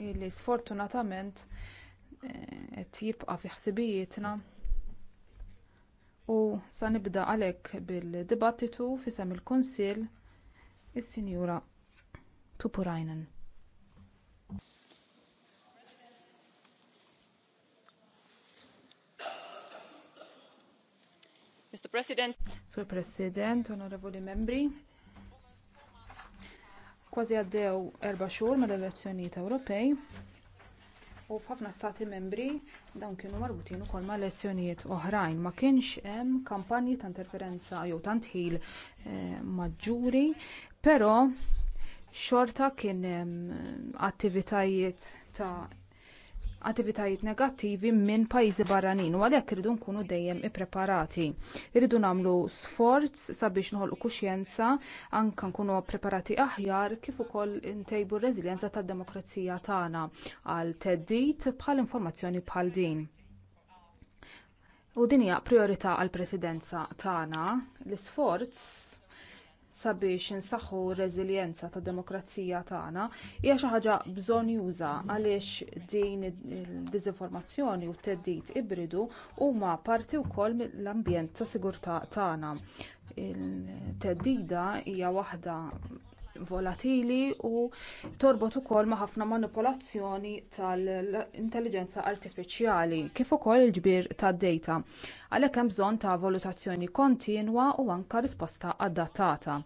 li sfortunatament eh, qed jibqa' fi ħsibijietna u sa nibda għalhekk bil dibattitu f'isem il-kunsill is-sinjura tuppurainen Mr. President. Sur President, onorevoli membri, Kważi għaddew erba' xhur mal-elezzjonijiet Ewropej u f'ħafna stati membri dawn kienu marbutin ukoll ma' elezzjonijiet oħrajn ma kienx hemm kampanji ta' interferenza jew ta' ntħil eh, maġġuri però xorta kien hemm attivitajiet ta' attivitajiet negattivi minn pajjiżi barranin u għalhekk irridu nkunu dejjem ippreparati. Irridu nagħmlu sforz sabiex noħolqu kuxjenza anke nkunu ppreparati aħjar kif ukoll ntejbu r-reżiljenza tad-demokrazija tagħna għal theddid bħal informazzjoni bħal din. U din hija priorità għall presidenza tagħna l-isforz sabiex insaħħu r-reżiljenza tad demokrazija tagħna hija xi ħaġa bżonn juża għaliex din id-diżinformazzjoni u t-teddid ibridu huma parti wkoll mill-ambjent ta' sigurtà tagħna. Il-teddida hija waħda volatili u torbot ukoll ma' ħafna manipolazzjoni tal-intelligenza artifiċjali kif ukoll il-ġbir tad-dejta għalhekk hemm bżonn ta' valutazzjoni kontinwa u anke risposta adattata.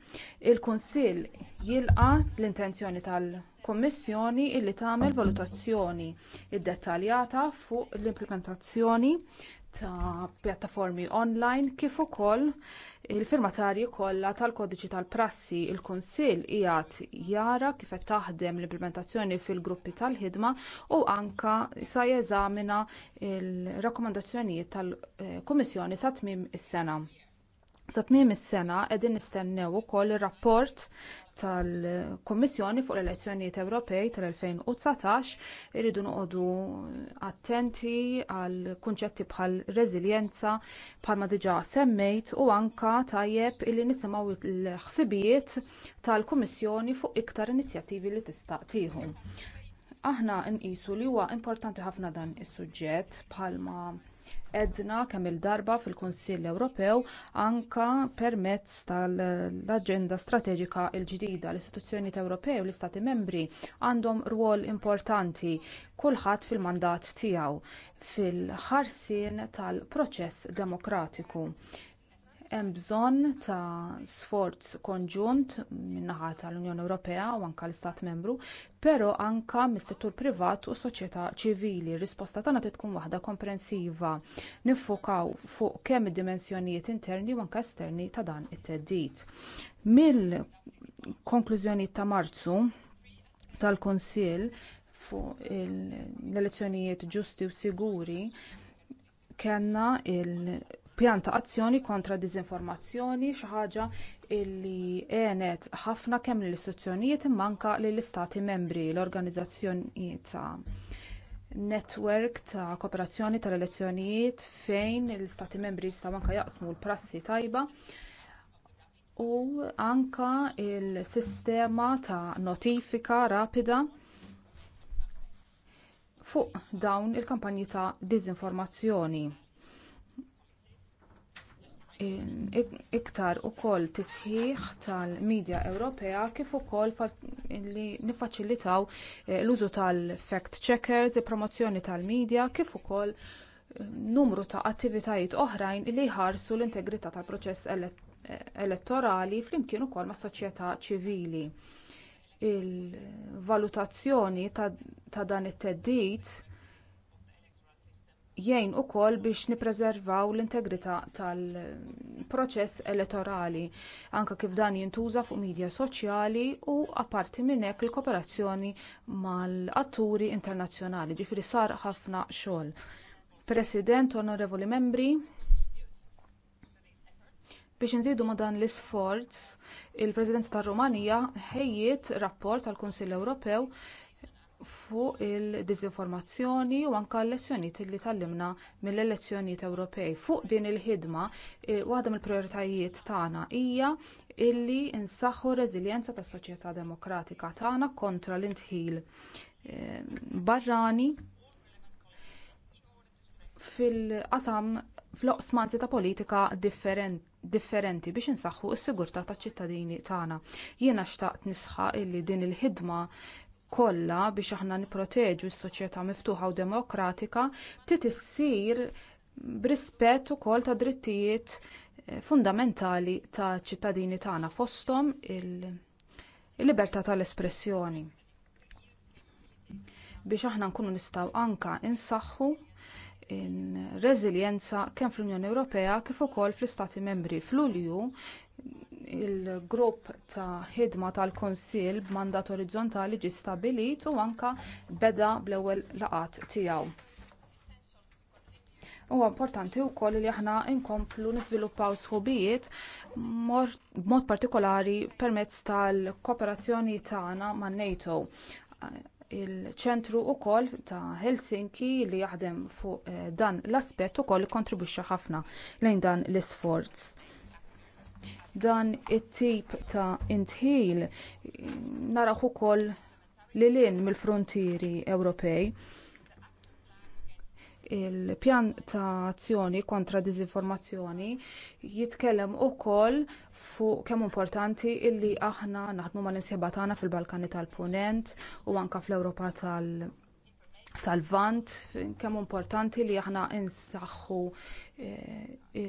Il-Kunsill jilqa l-intenzjoni tal- kummissjoni li tagħmel valutazzjoni ddettaljata fuq l-implementazzjoni ta' pjattaformi online kif ukoll il-firmatarji kollha tal-kodiċi tal-prassi il-kunsill qiegħed jara kif qed taħdem l-implementazzjoni fil-gruppi tal-ħidma u anke se jeżamina r-rakkomandazzjonijiet tal-kummissjoni eh, sa tmiem is-sena Sa tmiem is-sena qegħdin nistennew ukoll ir-rapport tal-Kummissjoni fuq l-Elezzjonijiet Ewropej tal-2019 iridu noqogħdu attenti għal kunċetti bħal reżiljenza bħalma diġà semmejt u anke tajjeb illi nisimgħu l-ħsibijiet tal-Kummissjoni fuq iktar inizjattivi li tista' tieħu. Aħna nqisu li huwa importanti ħafna dan is-suġġett bħalma Edna kemm il-darba fil-Kunsill Ewropew anke permezz tal-Aġenda Strateġika l-ġdida l-istituzzjonijiet Ewropej u l-Istati Membri għandhom rwol importanti kulħadd fil-mandat tiegħu fil-ħarsien tal-proċess demokratiku. Hemm bżonn ta' sforz konġunt min-naħa tal-Unjoni Ewropea u anke l-Istat Membru, però anke mis-settur privat u soċjetà ċivili. Risposta tagħna trid tkun waħda komprensiva. Niffokaw fuq kemm id-dimensjonijiet interni u anke esterni ta' dan it-teddid. Mill-konklużjoni ta' Marzu tal-Kunsill fuq l-elezzjonijiet ġusti u siguri kellna il- pjan ta' azzjoni kontra diżinformazzjoni xi ħaġa li għenet ħafna kemm lill-istituzzjonijiet imma anke lill-istati membri l-organizzazzjoni ta' netwerk ta' kooperazzjoni tal-elezzjonijiet fejn l-istati membri jistgħu anke jaqsmu l-prassi tajba u anke l-sistema ta' notifika rapida fuq dawn il-kampanji ta' diżinformazzjoni iktar ukoll tisħiħ tal-midja Ewropea kif ukoll li niffaċilitaw eh, l-użu tal-fact checkers, il-promozzjoni tal-midja kif ukoll eh, numru ta' attivitajiet oħrajn li jħarsu l-integrità tal-proċess eh, elettorali flimkien ukoll mas-soċjetà ċivili. Il-valutazzjoni ta' dan it theddid jgħin ukoll biex nipreservaw l-integrità tal-proċess elettorali anke kif dan jintuża fuq midja soċjali u apparti minn hekk il-kooperazzjoni mal-atturi internazzjonali ġifieri sar ħafna xogħol. President, onorevoli membri, biex inżidu ma' dan l-isforz, il president tar-Rumanija ħejjiet rapport tal-Kunsill Ewropew fuq il-diżinformazzjoni u anke l-lezzjonijiet li tallimna mill-elezzjonijiet Ewropej. Fuq din il-ħidma, eh, waħda mill-prijoritajiet tagħna hija illi nsaħħu r-reżiljenza tas-soċjetà demokratika tagħna kontra l-intħil eh, barrani fil-qasam fl-oqsmanzi ta' politika differenti differenti biex insaħħu s-sigurtà taċ-ċittadini tagħna. Jiena xtaqt nisħaq illi din il-ħidma kollha biex aħna nipproteġu s-soċjetà miftuħa u demokratika trid issir b'rispett ukoll ta' drittijiet eh, fundamentali ta' ċittadini tagħna fosthom il-libertà tal-espressjoni biex aħna nkunu nistgħu anke insaħħu ir-reżiljenza kemm fl-Unjoni Ewropea kif ukoll fl-Istati Membri. F'Lulju il-grupp ta' ħidma tal-Kunsill b'mandat orizzontali ġie stabbilit u anke beda bl-ewwel laqgħat tiegħu. Huwa importanti wkoll li aħna nkomplu niżviluppaw sħubijiet b'mod partikolari permezz tal-kooperazzjoni tagħna man-NATO il-ċentru wkoll ta' helsinki li jaħdem fuq eh, dan l-aspett ukoll ikkontribwixxa ħafna lejn dan l-isforz dan it-tip ta' intħil eh, naraw ukoll lil hinn mill-fruntieri ewropej il-pjan ta' azzjoni kontra diżinformazzjoni jitkellem ukoll fuq kemm importanti illi aħna naħdmu mal-imsieba tagħna fil-Balkani tal-Punent u anke fl-Ewropa tal- tal-vant kemm importanti li aħna insaħħu eh,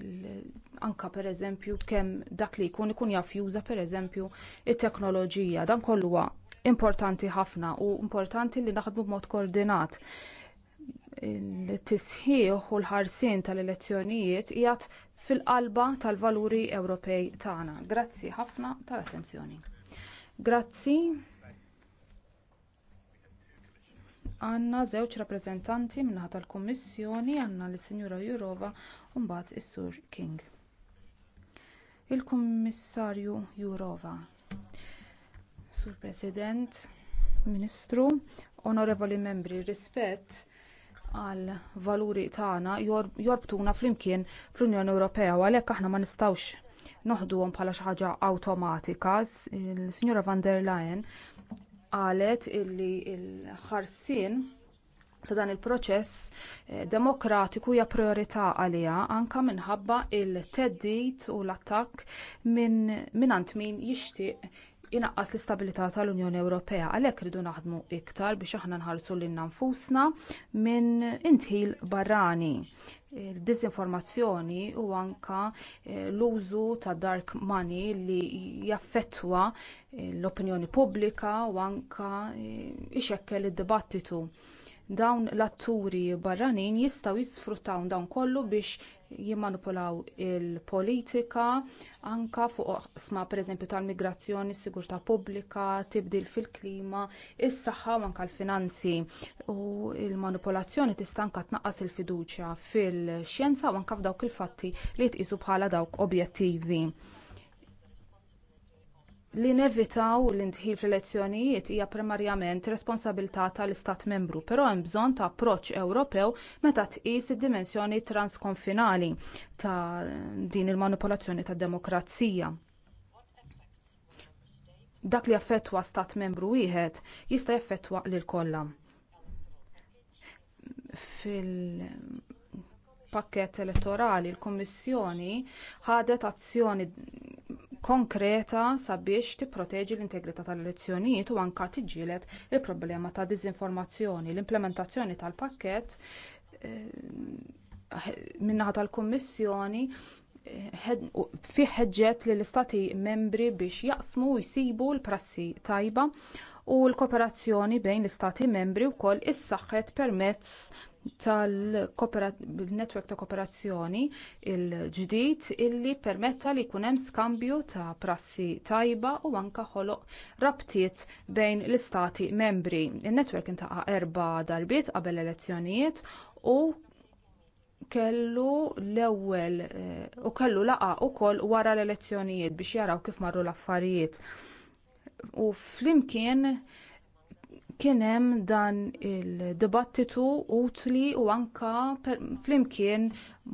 anke pereżempju kemm dak li jkun ikun jaf juża pereżempju t teknoloġija dan kollu importanti ħafna u importanti li naħdmu b'mod koordinat il-tisħiħ u l ħarsien tal-elezzjonijiet jgħat fil-qalba tal-valuri Ewropej tagħna. Grazzi ħafna tal-attenzjoni. Grazzi. Għanna żewġ rappreżentanti min-naħa tal-Kummissjoni għandna lis-Sinjura Jurova u mbagħad is-Sur King. Il-Kummissarju Jurova. Sur President, Ministru, Onorevoli Membri, rispett għal valuri tagħna jorbtuna flimkien fl-Unjoni Ewropea u għalhekk aħna ma nistgħux noħduhom bħala xi ħaġa awtomatika. Il-Sinjora van der Leyen qalet illi l-ħarsien ta' dan il-proċess eh, demokratiku hija priorità għaliha anke minħabba l-theddid u l-attakk minn min jixtieq inaqqas l-istabilità tal-Unjoni Ewropea għalhekk ridu naħdmu iktar biex aħna nħarsu lil nfusna minn intħil barrani il dizinformazzjoni u anke eh, l-użu ta' dark money li jaffettwa eh, l-opinjoni pubblika u anke eh, ixekkel id-dibattitu dawn l-atturi barranin jistgħu jisfruttaw dawn kollu biex jimmanipulaw il-politika anke fuq oqsma pereżempju tal-migrazzjoni, sigurtà pubblika, tibdil fil-klima, is-saħħa u anke l-finanzi. U l-manipolazzjoni tista' anke tnaqqas il-fiduċja fil-xjenza u anke f'dawk il-fatti li tqisu bħala dawk objettivi li nevitaw l-intħil fl-elezzjonijiet hija primarjament responsabilità tal-istat membru però hemm bżonn ta' approċċ ewropew meta tqis id-dimensjoni transkonfinali ta' din il-manipolazzjoni tad-demokrazija dak li jaffettwa stat membru wieħed jista' jaffettwa lil kollha fil pakkett elettorali il-kummissjoni ħadet azzjoni konkreta sabiex tipproteġi l-integrità tal-elezzjonijiet u anke tiġġieled il-problema ta' diżinformazzjoni. L-implementazzjoni tal-pakkett eh, min-naħa tal-Kummissjoni eh, fi ħeġġet lill istati membri biex jaqsmu u jsibu l-prassi tajba u l-kooperazzjoni bejn l-istati membri wkoll issaħħet permezz tal-netwerk ta' kooperazzjoni il-ġdid illi permetta li jkun hemm skambju ta' prassi tajba u anke ħoloq rabtiet bejn l-istati membri. In-netwerk intaqa' erba' darbiet qabel elezzjonijiet u kellu l-ewwel eh, u kellu laqgħa wkoll wara l-elezzjonijiet biex jaraw kif marru l-affarijiet. U flimkien Kien hemm dan il-dibattitu utli u anka flimkien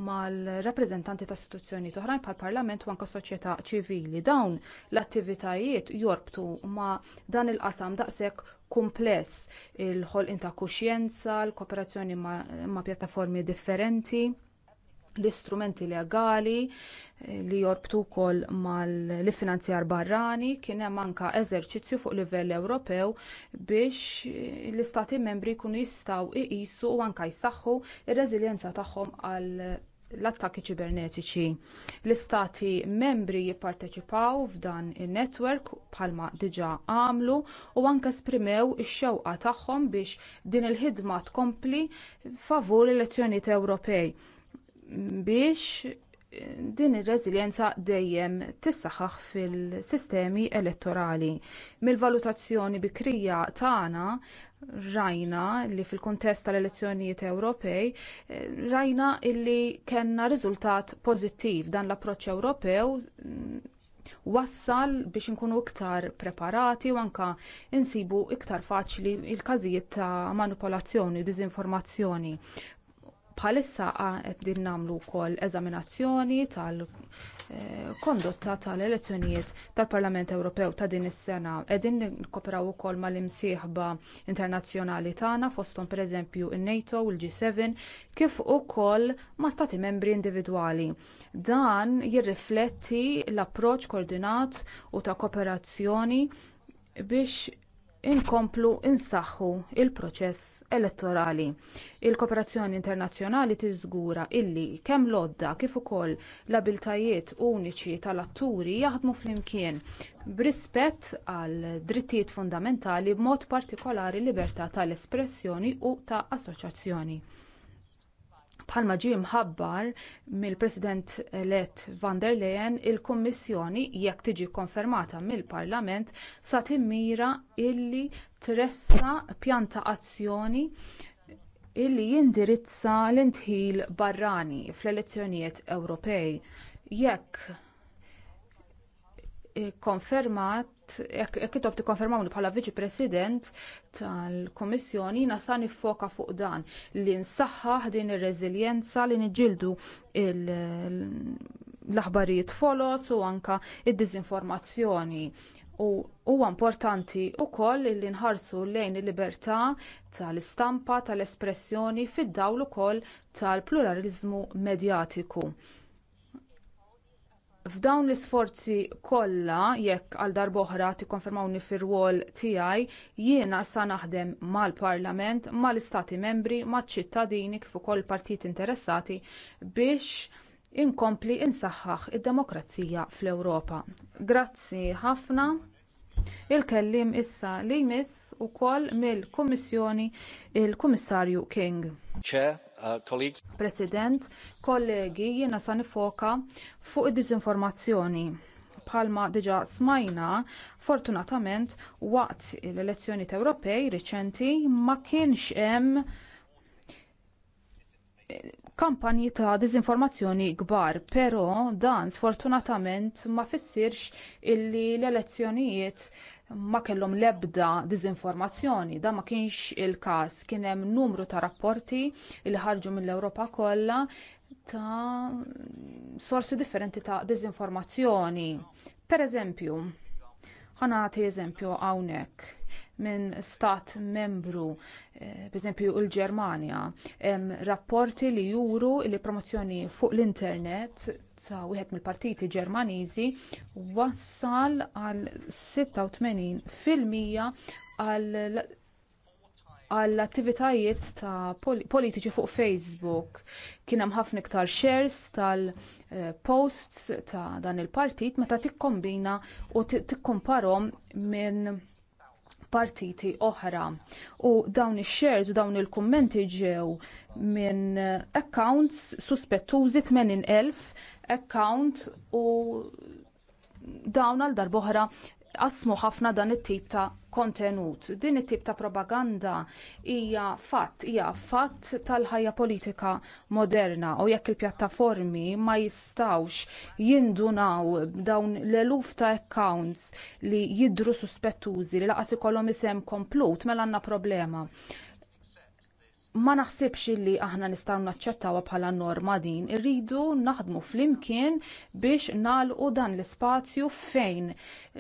mal-rappreżentanti ta' istituzzjoni oħrajn bħall parlament u anka soċjetà ċivili. Dawn l-attivitajiet jorbtu ma' dan il-qasam daqshekk kumpless il-ħolqien ta' kuxjenza, l-kooperazzjoni ma pjattaformi differenti l-istrumenti legali eh, li jorbtu wkoll mal-finanzjar barrani kien hemm anke eżerċizzju fuq livell Ewropew biex eh, l-istati membri jkunu jistgħu jqisu u anke jsaħħu r-reżiljenza tagħhom għal l-attakki ċibernetiċi. L-istati membri jipparteċipaw f'dan in-netwerk bħalma diġà għamlu u anke esprimew ix-xewqa tagħhom biex din il-ħidma tkompli favur l-elezzjonijiet Ewropej biex din ir-reżiljenza dejjem tissaħħaħ fil-sistemi elettorali. Mill-valutazzjoni bikrija tagħna rajna li fil-kuntest tal-elezzjonijiet Ewropej rajna li kellna riżultat pożittiv dan l-approċċ Ewropew wassal biex inkunu iktar preparati u anke insibu iktar faċli l każijiet ta' manipolazzjoni u diżinformazzjoni bħalissa din nagħmlu wkoll eżaminazzjoni tal-kondotta eh, tal-elezzjonijiet tal-Parlament Ewropew ta' din is-sena. Qegħdin nikkopraw ukoll mal-imsieħba internazzjonali tagħna fosthom pereżempju in-NATO u l-G7 kif ukoll ma' stati membri individwali. Dan jirrifletti l-approċċ koordinat u ta' kooperazzjoni biex inkomplu insaħħu l-proċess elettorali il-kooperazzjoni internazzjonali tiżgura illi kemm l-għodda kif ukoll l-abbiltajiet uniċi tal-atturi jaħdmu flimkien b'rispett għal drittijiet fundamentali b'mod partikolari l-libertà tal-espressjoni u ta' assoċjazzjoni Bħalma ġie mħabbar mill-President elett van der Leyen, il-Kummissjoni jekk tiġi konfermata mill-Parlament sa timmira illi tressa pjanta azzjoni illi jindirizza l-intħil barrani fl-elezzjonijiet Ewropej. Jekk konfermat jekk fatt jekk konfermawni tikkonfermawni bħala Viċi President tal-Kommissjoni nasa nifoka fuq dan li nsaħħaħ din ir-reżiljenza li nġildu l-aħbarijiet folot u anka id dizinformazzjoni U huwa importanti wkoll li nħarsu lejn il-libertà tal-istampa tal-espressjoni fid-dawl ukoll tal-pluralizmu medjatiku. F'dawn l-isforzi kollha jekk għal darb'oħra tikkonfermawni fir-rwol tiegħi, jiena sa naħdem mal-Parlament, mal-Istati Membri, maċ-ċittadini kif ukoll partit interessati biex inkompli insaħħaħ id-demokrazija fl-Ewropa. Grazzi ħafna. Il-kellim issa li jmiss ukoll mill-Kummissjoni il-Kummissarju King. Chair, Uh, colleagues. President, kollegi, jiena sa nifoka fuq id dizinformazzjoni Bħalma diġa smajna, fortunatament waqt l-elezzjoni Ewropej riċenti ma kienx hemm kampanji ta' dizinformazzjoni kbar, pero dan sfortunatament ma fissirx illi l-elezzjonijiet ma kellhom l-ebda dizinformazzjoni, da ma kienx il-każ. Kien hemm numru ta' rapporti li ħarġu mill-Ewropa kollha ta' sorsi differenti ta' dizinformazzjoni. Per eżempju, ħanati eżempju hawnhekk minn stat membru, eh, pereżempju l-Ġermanja, hemm rapporti li juru li promozzjoni fuq l-internet sa wieħed mill-partiti Ġermaniżi wassal għal 86% għal għall attivitajiet ta' politiċi fuq Facebook. Kien hemm ħafna iktar shares tal-posts eh, ta' dan il-partit meta tikkombina u tikkomparhom minn partiti oħra. U dawn ix-shares u dawn il-kummenti ġew minn accounts suspettużi 80,000 account u dawn għal darboħra qasmu ħafna dan it-tip ta' kontenut. Din it-tip ta' propaganda hija fatt, hija fatt tal-ħajja politika moderna u jekk il-pjattaformi ma jistawx jindunaw dawn l-eluf ta' accounts li jidhru suspettużi li laqas ikollhom isem komplut mela għandna problema ma naħsibx li aħna nistgħu naċċettawha bħala norma din, irridu naħdmu flimkien biex nagħlqu dan l-ispazju fejn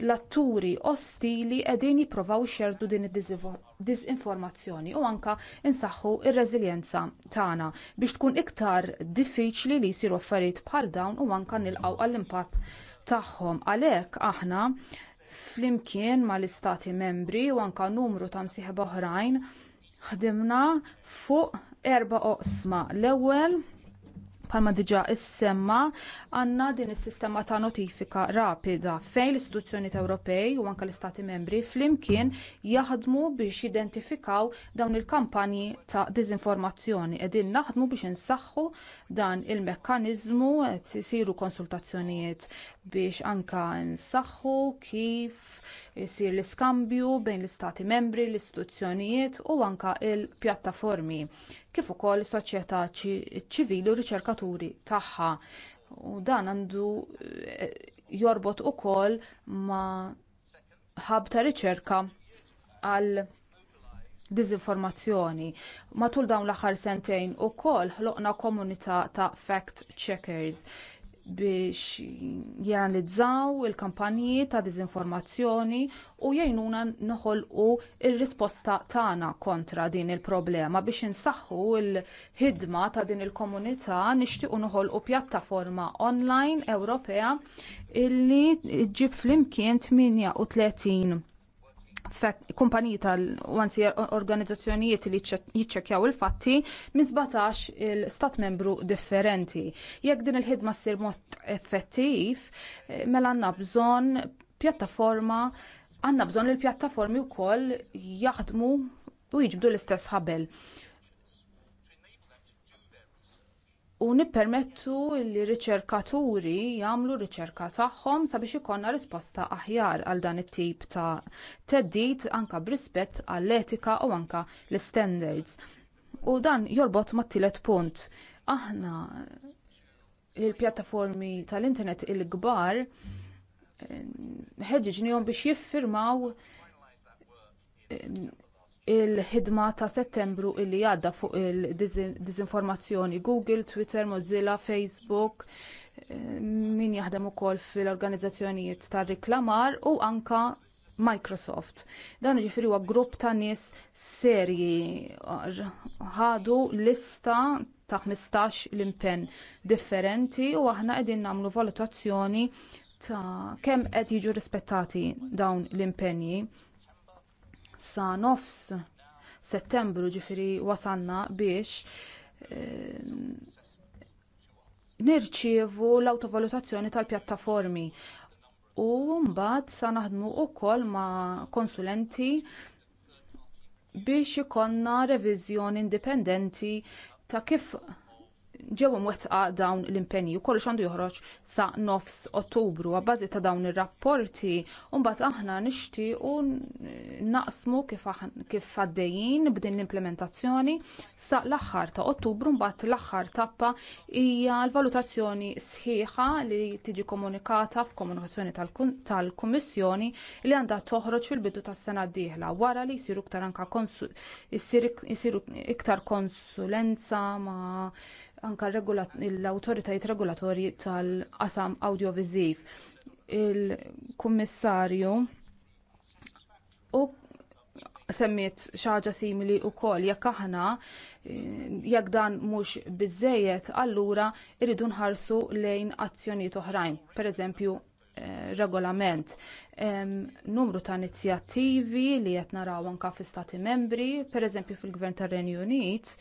l-atturi ostili qegħdin jippruvaw xerdu din id-diżinformazzjoni u anke insaħħu r-reżiljenza tagħna biex tkun iktar diffiċli li jsiru affarijiet bħal dawn u anke nilqgħu għall-impatt tagħhom. Għalhekk aħna flimkien mal-istati membri u anke numru ta' msieħba oħrajn ħdimna fuq erba' oqsma. L-ewwel bħalma diġa issemma għanna din is-sistema ta' notifika rapida fejn l-istituzzjoni Ewropej u anke l-Istati membri flimkien jaħdmu biex jidentifikaw dawn il-kampanji ta' dizinformazzjoni qegħdin naħdmu biex insaħħu dan il-mekkaniżmu qed isiru konsultazzjonijiet biex anke nsaħħu kif isir l-iskambju bejn l-Istati membri, l-istituzzjonijiet u anke l-pjattaformi kif ukoll is-soċjetà ċivili u riċerkaturi tagħha. U dan għandu eh, jorbot ukoll ma' ħab ta' riċerka għal diżinformazzjoni. Matul dawn l-aħħar sentejn ukoll ħloqna komunità ta' fact checkers biex jeranalizzaw il-kampanji ta' dizinformazzjoni u jgħinuna noħolqu r risposta tagħna kontra din il-problema biex insaħħu l-ħidma ta' din il-komunità nixtiequ noħolqu pjattaforma online Ewropea illi ġib flimkien 38 kumpaniji tal anzi organizzazzjonijiet li jitċekjaw il-fatti minn 17 il-stat membru differenti. Jekk din il-ħidma ssir mod effettiv, eh, mela għandna bżonn pjattaforma għandna bżonn il-pjattaformi wkoll jaħdmu u jġbdu l-istess ħabel. u nippermettu li riċerkaturi jagħmlu riċerka tagħhom sabiex ikollna risposta aħjar għal dan it-tip ta' theddid anke b'rispett għall-etika u anke l-standards. U dan jorbot mat-tielet punt. Aħna il-pjattaformi tal-internet il-kbar eh, ħeġġiġnihom biex jiffirmaw eh, il-ħidma ta' settembru illi għadda fuq il-dizinformazzjoni Google, Twitter, Mozilla, Facebook, eh, min jaħdem ukoll fil-organizzazzjonijiet tar riklamar u anka Microsoft. Dan ġifiri huwa grupp ta' nies serji ħadu lista ta' 15 l-impenn differenti u aħna qegħdin nagħmlu valutazzjoni ta' kemm qed jiġu rispettati dawn l-impenji sa nofs settembru ġifieri wasalna biex eh, nirċievu l-awtovalutazzjoni tal-pjattaformi u mbagħad sa naħdmu wkoll ma' konsulenti biex ikollna reviżjoni indipendenti ta' kif ġew imwettqa dawn l impenju u kollox għandu joħroġ sa nofs Ottubru għabbażi ta' dawn ir-rapporti u mbagħad aħna nixtiequ naqsmu kif għaddejjin b'din l-implementazzjoni sa l-aħħar ta' Ottubru mbagħad l-aħħar tappa hija l-valutazzjoni sħiħa li tiġi komunikata f'komunikazzjoni tal-Kummissjoni li għandha toħroġ fil-bidu tas-sena d-dieħla wara li jsiru iktar jsiru iktar konsulenza ma' anka l-autoritajiet regolatorji tal-qasam awdjoviżiv, Il-kummissarju u semmiet xaġa simili wkoll jekk aħna jekk dan mhux biżżejjed, allura irridu nħarsu lejn azzjonijiet oħrajn, pereżempju eh, regolament. Numru ta' inizjattivi li qed naraw anke fi stati membri, pereżempju fil-Gvern tar-Renju Unit,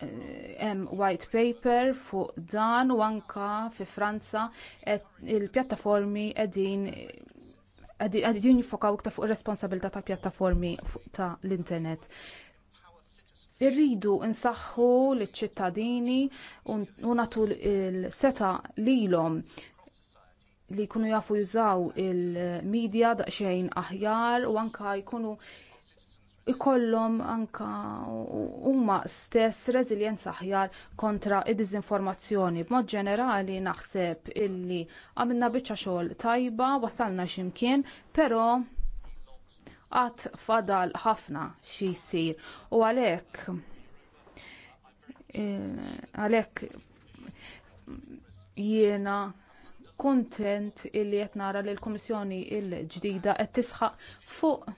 hemm white paper fuq dan u anka fi Franza il-pjattaformi qegħdin qegħdin jiffokaw iktar fuq ir-responsabilità ta' pjattaformi ta' l-internet. Irridu nsaħħu liċ-ċittadini u nagħtu l-seta lilhom li jkunu jafu jużaw il-medja daqsxejn aħjar u anke jkunu ikollhom anka huma stess reżiljenza aħjar kontra id-diżinformazzjoni. B'mod ġenerali naħseb illi għamilna biċċa xogħol tajba, wasalna x'imkien, però qatt fadal ħafna xi jsir u għalhekk eh, għalhekk jiena kuntent illi qed nara li l-Kummissjoni l ġdida qed tisħaq fuq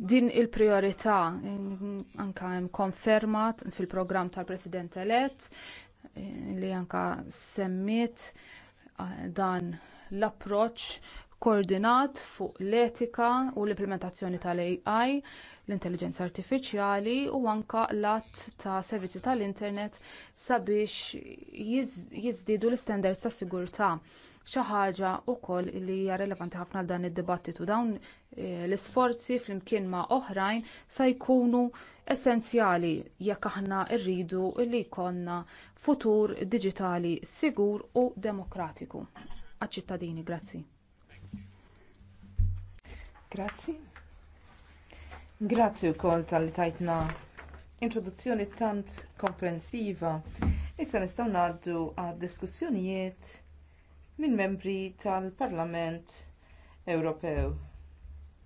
din il-priorità anka hemm konferma fil-programm tal-President elett li anka semmiet eh, dan l-approċċ koordinat fuq l-etika u l-implementazzjoni tal-AI, l-intelligenza artifiċjali u anke l-att ta' servizzi tal-internet sabiex jiżdiedu l istandards ta' sigurtà xi ħaġa wkoll li hija relevanti ħafna għal dan id-dibattitu dawn eh, l-isforzi flimkien ma' oħrajn se jkunu essenzjali jekk aħna rridu li jkollna futur diġitali sigur u demokratiku għaċ-ċittadini. Grazzi. Grazzi. Grazzi wkoll tal-li tajtna introduzzjoni tant komprensiva. Issa nistgħu ngħaddu għad diskussjonijiet minn membri tal-Parlament Ewropew.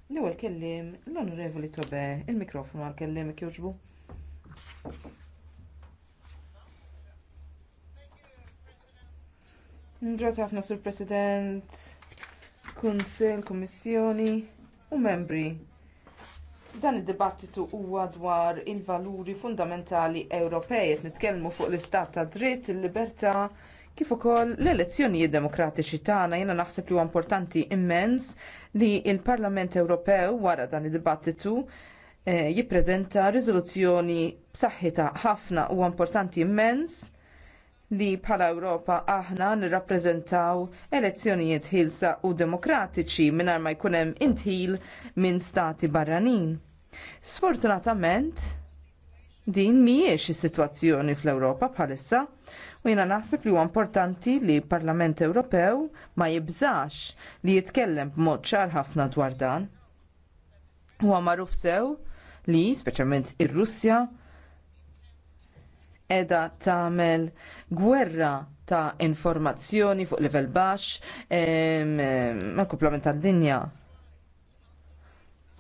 L-ewwel kelliem l-Onorevoli Tobe, il-mikrofonu għal kelliem jogħġbu. Grazie ħafna sur President, Kunsil, Kummissjoni u membri. Dan id-dibattitu huwa dwar il-valuri fundamentali Ewropej qed nitkellmu fuq l-istat ta' dritt, il-libertà, il libertà kif ukoll l-elezzjonijiet demokratiċi tagħna jiena naħseb li huwa importanti immens li l parlament Ewropew wara dan id-dibattitu eh, jippreżenta riżoluzzjoni b'saħħitha ħafna huwa importanti immens li bħala Ewropa aħna nirrappreżentaw elezzjonijiet ħilsa u demokratiċi mingħajr ma jkun hemm intħil minn stati barranin. Sfortunatament, din mhijiex is-sitwazzjoni fl-Ewropa bħalissa U jiena naħseb li huwa importanti li l Parlament Ewropew ma jibżax li jitkellem b'mod ċar ħafna dwar dan. Huwa magħruf sew li, speċjalment ir-Russja, edha tagħmel gwerra ta' informazzjoni fuq livell baxx ma' kuplament tad-dinja.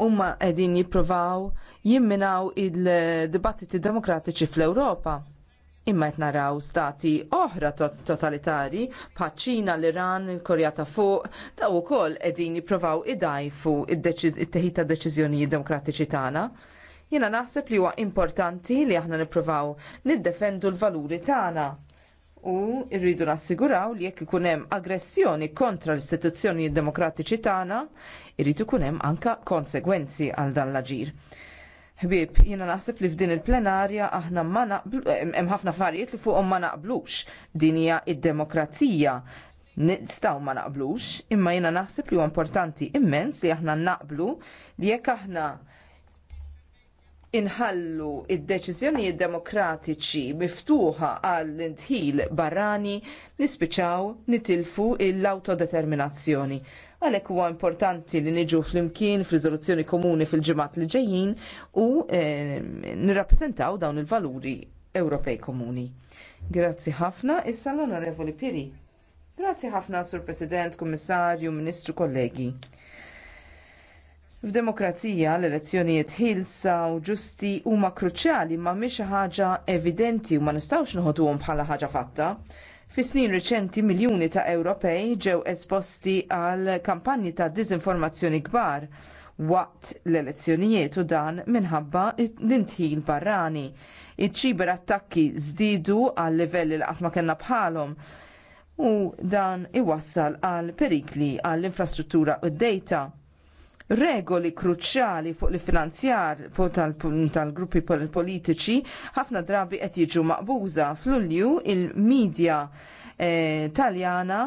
Huma qegħdin jippruvaw jimminaw il-dibattiti demokratiċi fl-Ewropa. Imma qed naraw stati oħra totalitari paċina ċina l-Iran, il-Korea ta' fuq, daw ukoll qegħdin jippruvaw idajfu it-teħid ta' deċiżjonijiet demokratiċi tagħna. Jiena naħseb li huwa importanti li aħna nippruvaw niddefendu l-valuri tagħna u rridu nassiguraw li jekk ikun hemm aggressjoni kontra l-istituzzjonijiet demokratiċi tagħna, irrid ikun hemm anke konsegwenzi għal dan l-aġir. Ħbib, jiena naħseb li f'din il-plenarja aħna ma naqblu, hemm ħafna affarijiet li fuqhom ma naqblux. Din hija id-demokrazija. Nistgħu ma naqblux, imma jiena naħseb li huwa importanti immens li aħna naqblu li jekk aħna inħallu id-deċiżjonijiet demokratiċi miftuħa għall intħil barrani nispiċaw nitilfu l-autodeterminazzjoni. Għalhekk huwa importanti li niġu flimkien f'riżoluzzjoni komuni fil-ġimgħat li ġejjin u eh, nirrappreżentaw dawn il-valuri Ewropej komuni. Grazzi ħafna, issa l-Onorevoli Piri. Grazzi ħafna, Sur President, Kummissarju, Ministru, kollegi. F'demokrazija l-elezzjonijiet ħilsa u ġusti huma kruċjali ma mhix ħaġa evidenti u ma nistgħux noħoduhom bħala ħaġa fatta. Fi snin reċenti miljuni ta' Ewropej ġew esposti għal kampanji ta' diżinformazzjoni kbar waqt l-elezzjonijiet u dan minħabba l-intħil barrani. Iċ-ċiber attakki żdiedu għal livelli li qatt ma kellna bħalhom u dan iwassal għal perikli għall infrastruttura u d-dejta regoli kruċjali fuq l-finanzjar tal-gruppi politiċi ħafna drabi qed jiġu maqbuża fl-ulju il-medja eh, taljana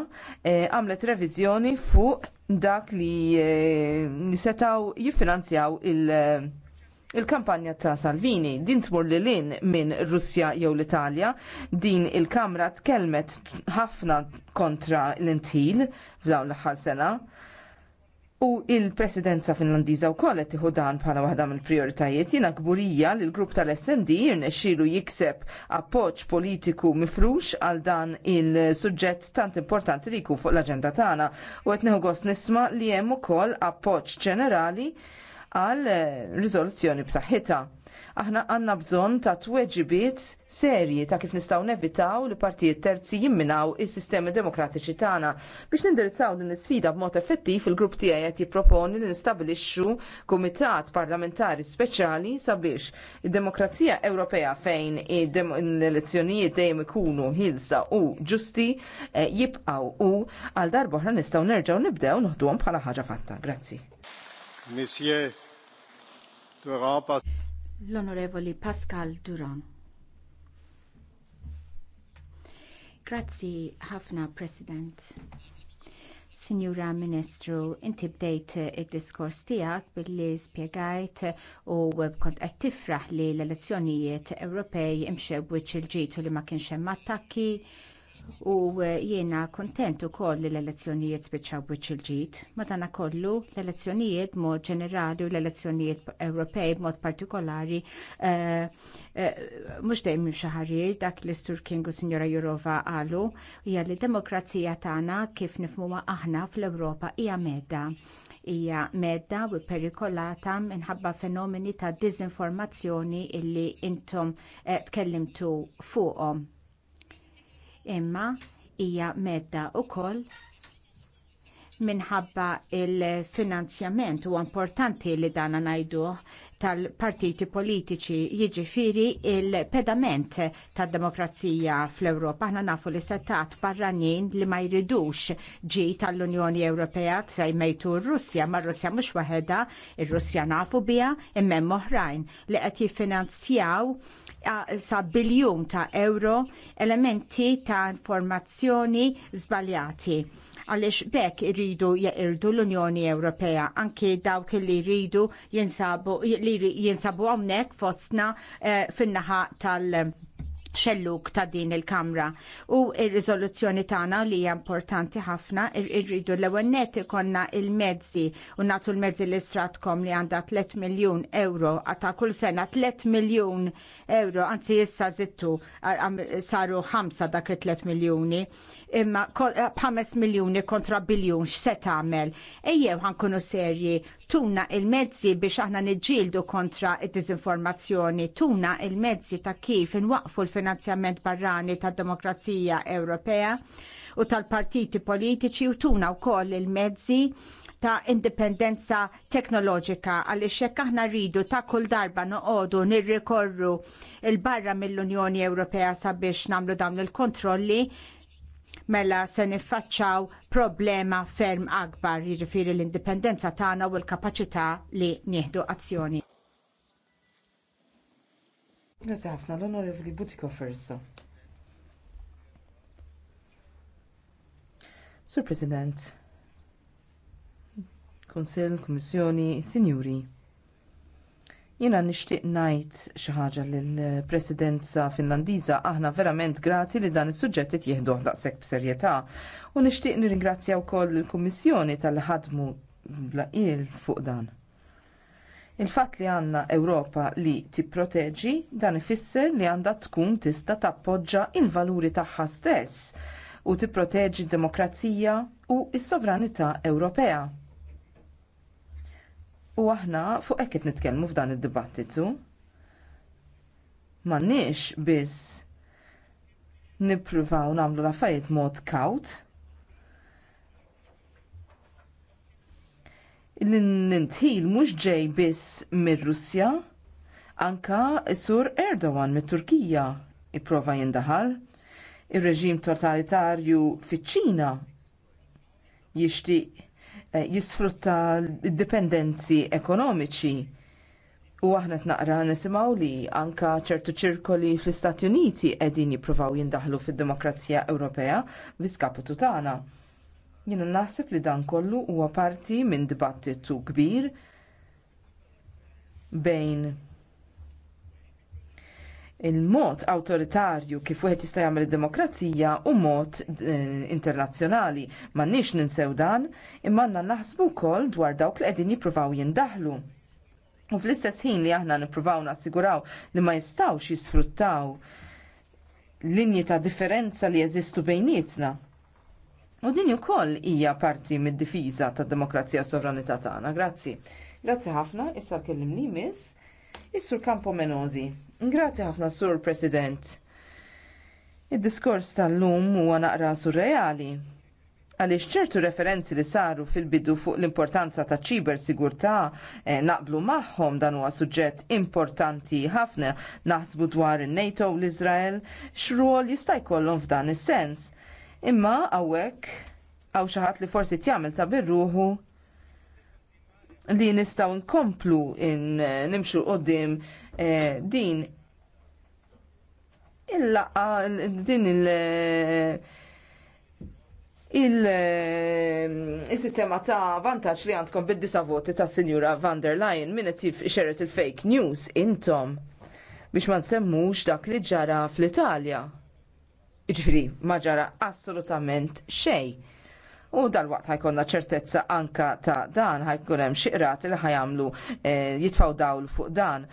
eh, għamlet reviżjoni fuq dak li eh, setgħu jiffinanzjaw il- il-kampanja ta' Salvini din tmur li lin minn Russja jew l-Italja, din il-Kamra tkellmet ħafna kontra l-intil f'dawn l-ħar sena. U il-presidenza finlandiza u kollet tiħu dan bħala waħda mill prioritajiet jina kburija li l-grupp tal-SND jirnexxilu jikseb appoġġ politiku mifrux għal dan il-suġġett tant importanti li jkun fuq l-aġenda tagħna u qed nieħu gost nisma' li hemm ukoll appoġġ ġenerali għal eh, riżoluzzjoni b'saħħitha. Aħna għandna bżonn ta' tweġibiet serji ta' kif nistgħu nevitaw li partijiet terzi jimminaw is-sistemi demokratiċi tagħna. Biex nindirizzaw din is-sfida b'mod effettiv, il-grupp tiegħi qed jipproponi li nistabilixxu kumitat parlamentari speċjali sabiex id-demokrazija Ewropea fejn l-elezzjonijiet dejjem ikunu ħilsa u ġusti eh, jibqaw u għal darba oħra nistgħu nerġgħu nibdew noħduhom bħala ħaġa fatta. Grazzi. Monsieur L-Onorevoli Pascal Duran. Grazzi ħafna, President. Signora Ministru, inti bdejt id-diskors tiegħek billi spjegajt u kont qed tifraħ li l-elezzjonijiet Ewropej imxew wiċċ il-ġitu li ma kienx hemm attakki, u eh, jiena kontent ukoll li l-elezzjonijiet spiċċaw biċ il-ġid. Madankollu l-elezzjonijiet mod ġenerali u l-elezzjonijiet Ewropej b'mod partikolari eh, eh, mhux dejjem xi ħarir dak li Sur King u Sinjora Jurova qalu hija li d-demokrazija tagħna kif nifhmuha aħna fl-Ewropa hija medda hija medda u perikolata minħabba fenomeni ta' diżinformazzjoni illi intom tkellimtu fuqhom imma hija medda wkoll minħabba il-finanzjament u importanti li dana najdu tal-partiti politiċi jiġifieri il-pedament tad-demokrazija fl-Ewropa. Aħna nafu li setat barranin li ma jridux ġi tal-Unjoni Ewropea mejtu r-Russja, ma r-Russja mhux waħedha, ir-Russja nafu biha imma hemm oħrajn li qed jiffinanzjaw sa biljun ta' euro elementi ta' informazzjoni żbaljati. Għalix bekk irridu jiridu jaqirdu l-Unjoni Ewropea, anki dawk li jridu jinsabu, li jinsabu għomnek fostna eh, fin-naħa tal- ċelluk ta' din il-Kamra. U il riżoluzzjoni tagħna li hija importanti ħafna irridu l-ewwel net ikonna il-mezzi u nagħtu l-mezzi li stratkom li għandha 3 miljun euro ta' kull sena 3 miljun euro anzi issa zittu saru 5 dak 3 miljuni imma 5 miljuni kontra biljun x'se tagħmel. Ejjew ħankunu serji tuna il-mezzi biex aħna niġġieldu kontra id-dizinformazzjoni, tuna il-mezzi ta' kif inwaqfu l-finanzjament barrani tad demokrazija Ewropea u tal-partiti politiċi u tuna wkoll il-mezzi ta' indipendenza teknoloġika għaliex hekk aħna rridu ta' kull darba noqogħdu nirrikorru il-barra mill-Unjoni Ewropea sabiex nagħmlu dawn il-kontrolli, mela se niffaċċaw problema ferm akbar, jiġifieri l-indipendenza tagħna u l-kapaċità li nieħdu azzjoni. Grazie ħafna l-Onorevoli Butiko Fersa. Sur President, Kunsill, Kommissjoni, Sinjuri. Jiena nixtieq ngħid xi ħaġa lill-Presidenza Finlandiża aħna verament grati li dan is-suġġett qed jieħduh daqshekk b'serjetà u nixtieq nirringrazzja wkoll il-Kummissjoni tal ħadmu blaqil fuq dan. Il-fatt li għandna Ewropa li tipproteġi dan ifisser li għandha tkun tista' tappoġġa l valuri tagħha stess u ti proteġi demokrazija u s-sovranità Ewropea. U aħna fuq hekk qed nitkellmu f'dan id-dibattitu. M'għandniex biss nippruvaw nagħmlu l-affarijiet mod kawt. L-intħil mhux ġej biss mir-Russja, anka s-sur Erdogan mit-Turkija pprova jindaħal. Ir-reġim totalitarju fiċ-Ċina jixtieq Eh, jisfrutta d-dipendenzi ekonomiċi. U aħna t-naqra nisimaw li anka ċertu ċirkoli fl-Istati Uniti edin jipruvaw jindaħlu fil-demokrazija Ewropea biskapitu tagħna. Jiena naħseb li dan kollu huwa parti minn dibattitu kbir bejn il-mod awtoritarju kif wieħed jista' jagħmel id-demokrazija u mod eh, internazzjonali. M'għandniex ninsew dan, imma għandna naħsbu wkoll dwar dawk li qegħdin jippruvaw jindaħlu. U fl-istess ħin li aħna nippruvaw nassiguraw li ma jistgħux jisfruttaw linji ta' differenza li jeżistu bejnietna. U din ukoll hija parti mid-difiża tad-demokrazija sovranità tagħna. Grazzi. Grazzi ħafna, issa kellimni miss. Is-Sur Campo Grazzi ħafna, Sur President. Id-diskors tal-lum huwa naqra surreali. Għaliex ċertu referenzi li saru fil-bidu fuq l-importanza ta' ċiber sigurtà eh, naqblu magħhom dan huwa suġġett importanti ħafna naħsbu dwar in-NATO u l-Iżrael xruol jista' jkollhom f'dan is-sens. Imma hawnhekk għaw xi ħadd li forsi tjamil ta' birruħu li nistaw nkomplu in nimxu qoddim Eh, din il-laqqa din il- eh, il-sistema ta' vantaġġ li għandkom bid-disa voti ta' Sinjura van der Leyen minn qed xeret il-fake news intom biex ma nsemmux dak li ġara fl-Italja. Iġifri, ma ġara assolutament xej. U dal-waqt ħajkonna ċertezza anka ta' dan ħajkun hemm xi qrati li ħajamlu eh, jitfaw dawl fuq dan.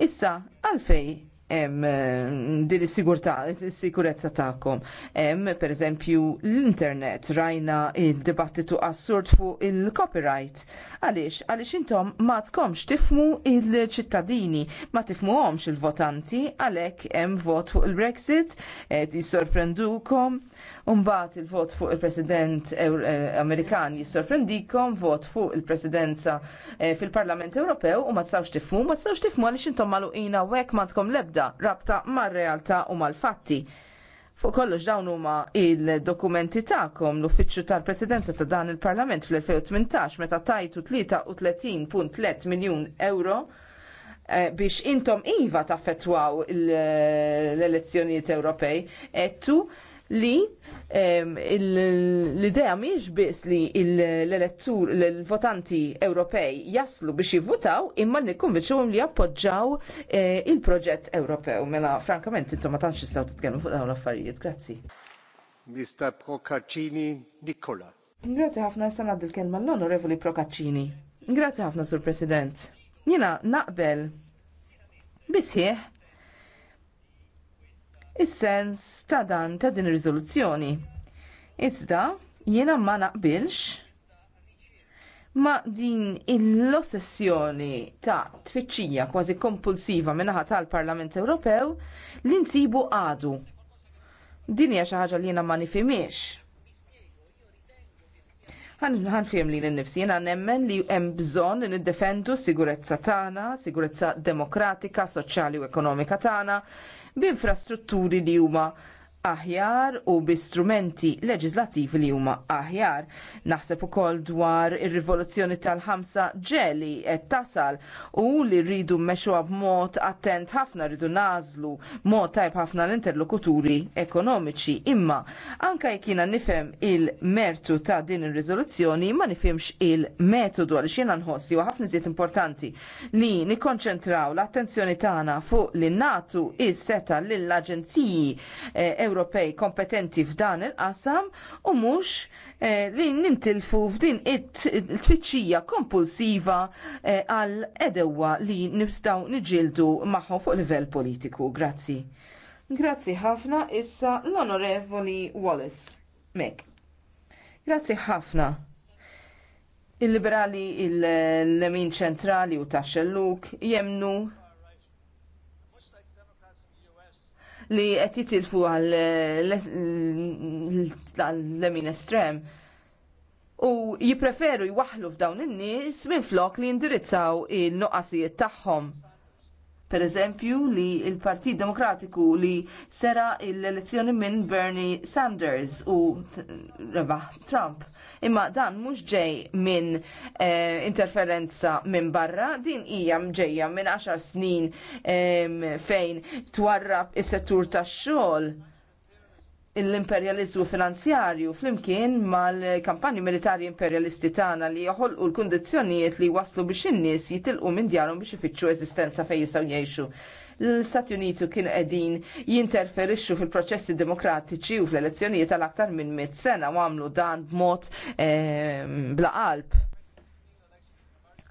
Issa għalfej hemm eh, din is-sigurtà is-sikurezza tagħkom. Hemm pereżempju l-internet rajna d dibattitu assurd fuq il-copyright. Għaliex għaliex intom ma tkomx tifmu il-ċittadini, ma tifmuhomx il-votanti għalhekk hemm vot fuq il-Brexit, jisorprendukom. E, Umbat il-vot fuq il-President eh, Amerikan jissorprendikom, vot fuq il-Presidenza eh, fil-Parlament Ewropew u ma tsawx tifmu, ma tsawx tifmu għalix intom malu ina u għek matkom lebda rabta mar-realtà u mal-fatti. Fuq kollox dawn huma il-dokumenti tagħkom l-Uffiċċju tal-Presidenza ta' dan il-Parlament fl-2018 meta tajtu 33.3 miljun euro eh, biex intom iva taffettwaw l-elezzjonijiet Ewropej, ettu li l-idea miex biss li l-elettur, l-votanti Ewropej jaslu biex jivvutaw imma nikkonvinċuhom li appoġġaw eh, il-proġett Ewropew. Mela, frankament, intom ma tantx tistgħu titkellmu fuq dawn l-affarijiet. Grazzi. Mr. Procaccini Nicola. Grazzi ħafna issa ngħaddi l-kelma l-Onorevoli Procaccini. Grazzi ħafna, Sur President. Jiena naqbel bisħieħ is-sens ta' dan ta' din ir-riżoluzzjoni. Iżda jiena ma naqbilx ma din l-ossessjoni ta' tfittxija kważi kompulsiva minnaħa tal-Parlament Ewropew li nsibu għadu. Din hija xi ħaġa li jiena ma nifhimiex. Ħanfiem li l-nifsi jiena nemmen li hemm bżonn li niddefendu s sigurezza tagħna, sigurezza demokratika, soċjali u ekonomika tagħna, b'infrastrutturi li huma aħjar u bi strumenti leġislattivi li huma aħjar. Naħseb ukoll dwar ir-rivoluzzjoni tal-ħamsa ġeli qed tasal u li rridu mmexuha b'mod attent ħafna rridu nażlu mod tajb ħafna l-interlokuturi ekonomiċi imma anke jekk jiena nifhem il-mertu ta' din ir-riżoluzzjoni ma nifhimx il-metodu għaliex jiena nħossi u ħafna iżjed importanti li nikkonċentraw l-attenzjoni tagħna fuq li natu is-seta lill-aġenziji eh, Ewropej kompetenti f'dan il-qasam u mhux eh, li nintilfu f'din it-tfittxija kompulsiva eh, għal edewwa edewa li nibstaw niġildu magħhom fuq livell politiku. Grazzi. Grazzi ħafna issa l-Onorevoli Wallace. Mek. Grazzi ħafna. Il-liberali, il-lemin ċentrali u taxxelluk jemnu li qed jitilfu għall-lemin eh, estrem. U jipreferu jwaħlu f'dawn in-nies minn flok li jindirizzaw il-nuqqasijiet tagħhom pereżempju li l partit Demokratiku li sera l-elezzjoni minn Bernie Sanders u rebaħ Trump. Imma dan mhux ġej minn eh, interferenza minn barra, din hija mġejja minn 10 snin eh, fejn twarrab is-settur tax-xogħol l-imperializmu finanzjarju flimkien mal-kampanji militari imperialisti tagħna li joħolqu l-kundizzjonijiet li waslu biex in-nies jitilqu minn djarhom biex ifittxu eżistenza fejn jistgħu jgħixu l istati Uniti kienu qegħdin jinterferixxu fil-proċessi demokratiċi u fl-elezzjonijiet tal-aktar minn mit sena u għamlu dan b'mod eh, bla qalb.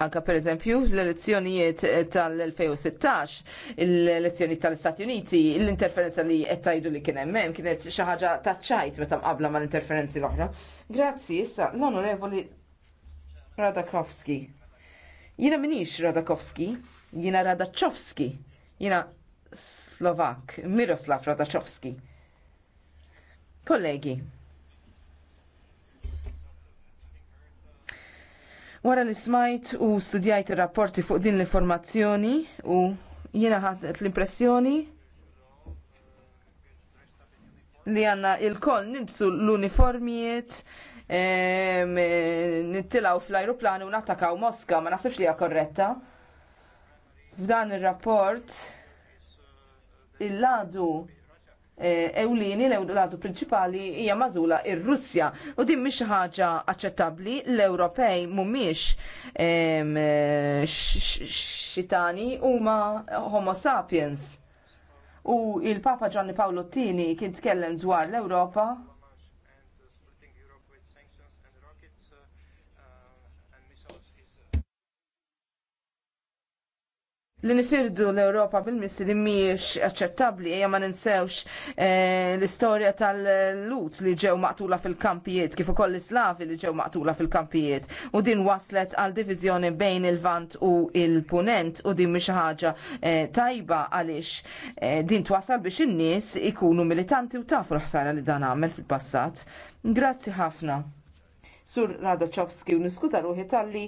Anka per eżempju l-elezzjonijiet tal-2016, l-elezzjoni tal-Istati Uniti, l-interferenza li qed tgħidu li kien hemm kienet xi ħaġa taċċajt meta mqabbla mal-interferenzi l-oħra. Grazzi issa l-Onorevoli Radakowski. Jiena minix Radakowski, jiena Radaczowski, jiena Slovak, Miroslav Radaczowski. Kollegi, Wara li smajt u studjajt ir-rapporti fuq din l-informazzjoni u jiena ħadet l-impressjoni li għanna il-koll nibsu l-uniformijiet nittilaw fl-aeroplanu u nattakaw Moska, ma nasibx li hija korretta. F'dan ir-rapport il-ladu Eh, ewlieni l-ewladu prinċipali hija mażula ir-Russja u din mhix ħaġa aċċettabbli l-Ewropej mhumiex eh, xitani huma Homo sapiens. U il-Papa Gianni Paolo Tini kien tkellem dwar l-Ewropa li nifirdu l-Europa bil-missi li miex aċċettabli eja ma ninsewx eh, l-istorja tal-lut li ġew maqtula fil-kampijiet kif ukoll l-Slavi li ġew maqtula fil-kampijiet u din waslet għal diviżjoni bejn il-Vant u il-Punent u din miex ħaġa eh, tajba għaliex eh, din twasal biex in-nies ikunu militanti u tafu l-ħsara li dan għamel fil-passat. Grazzi ħafna. Sur Rada Chowski u niskuża ruħi tal-li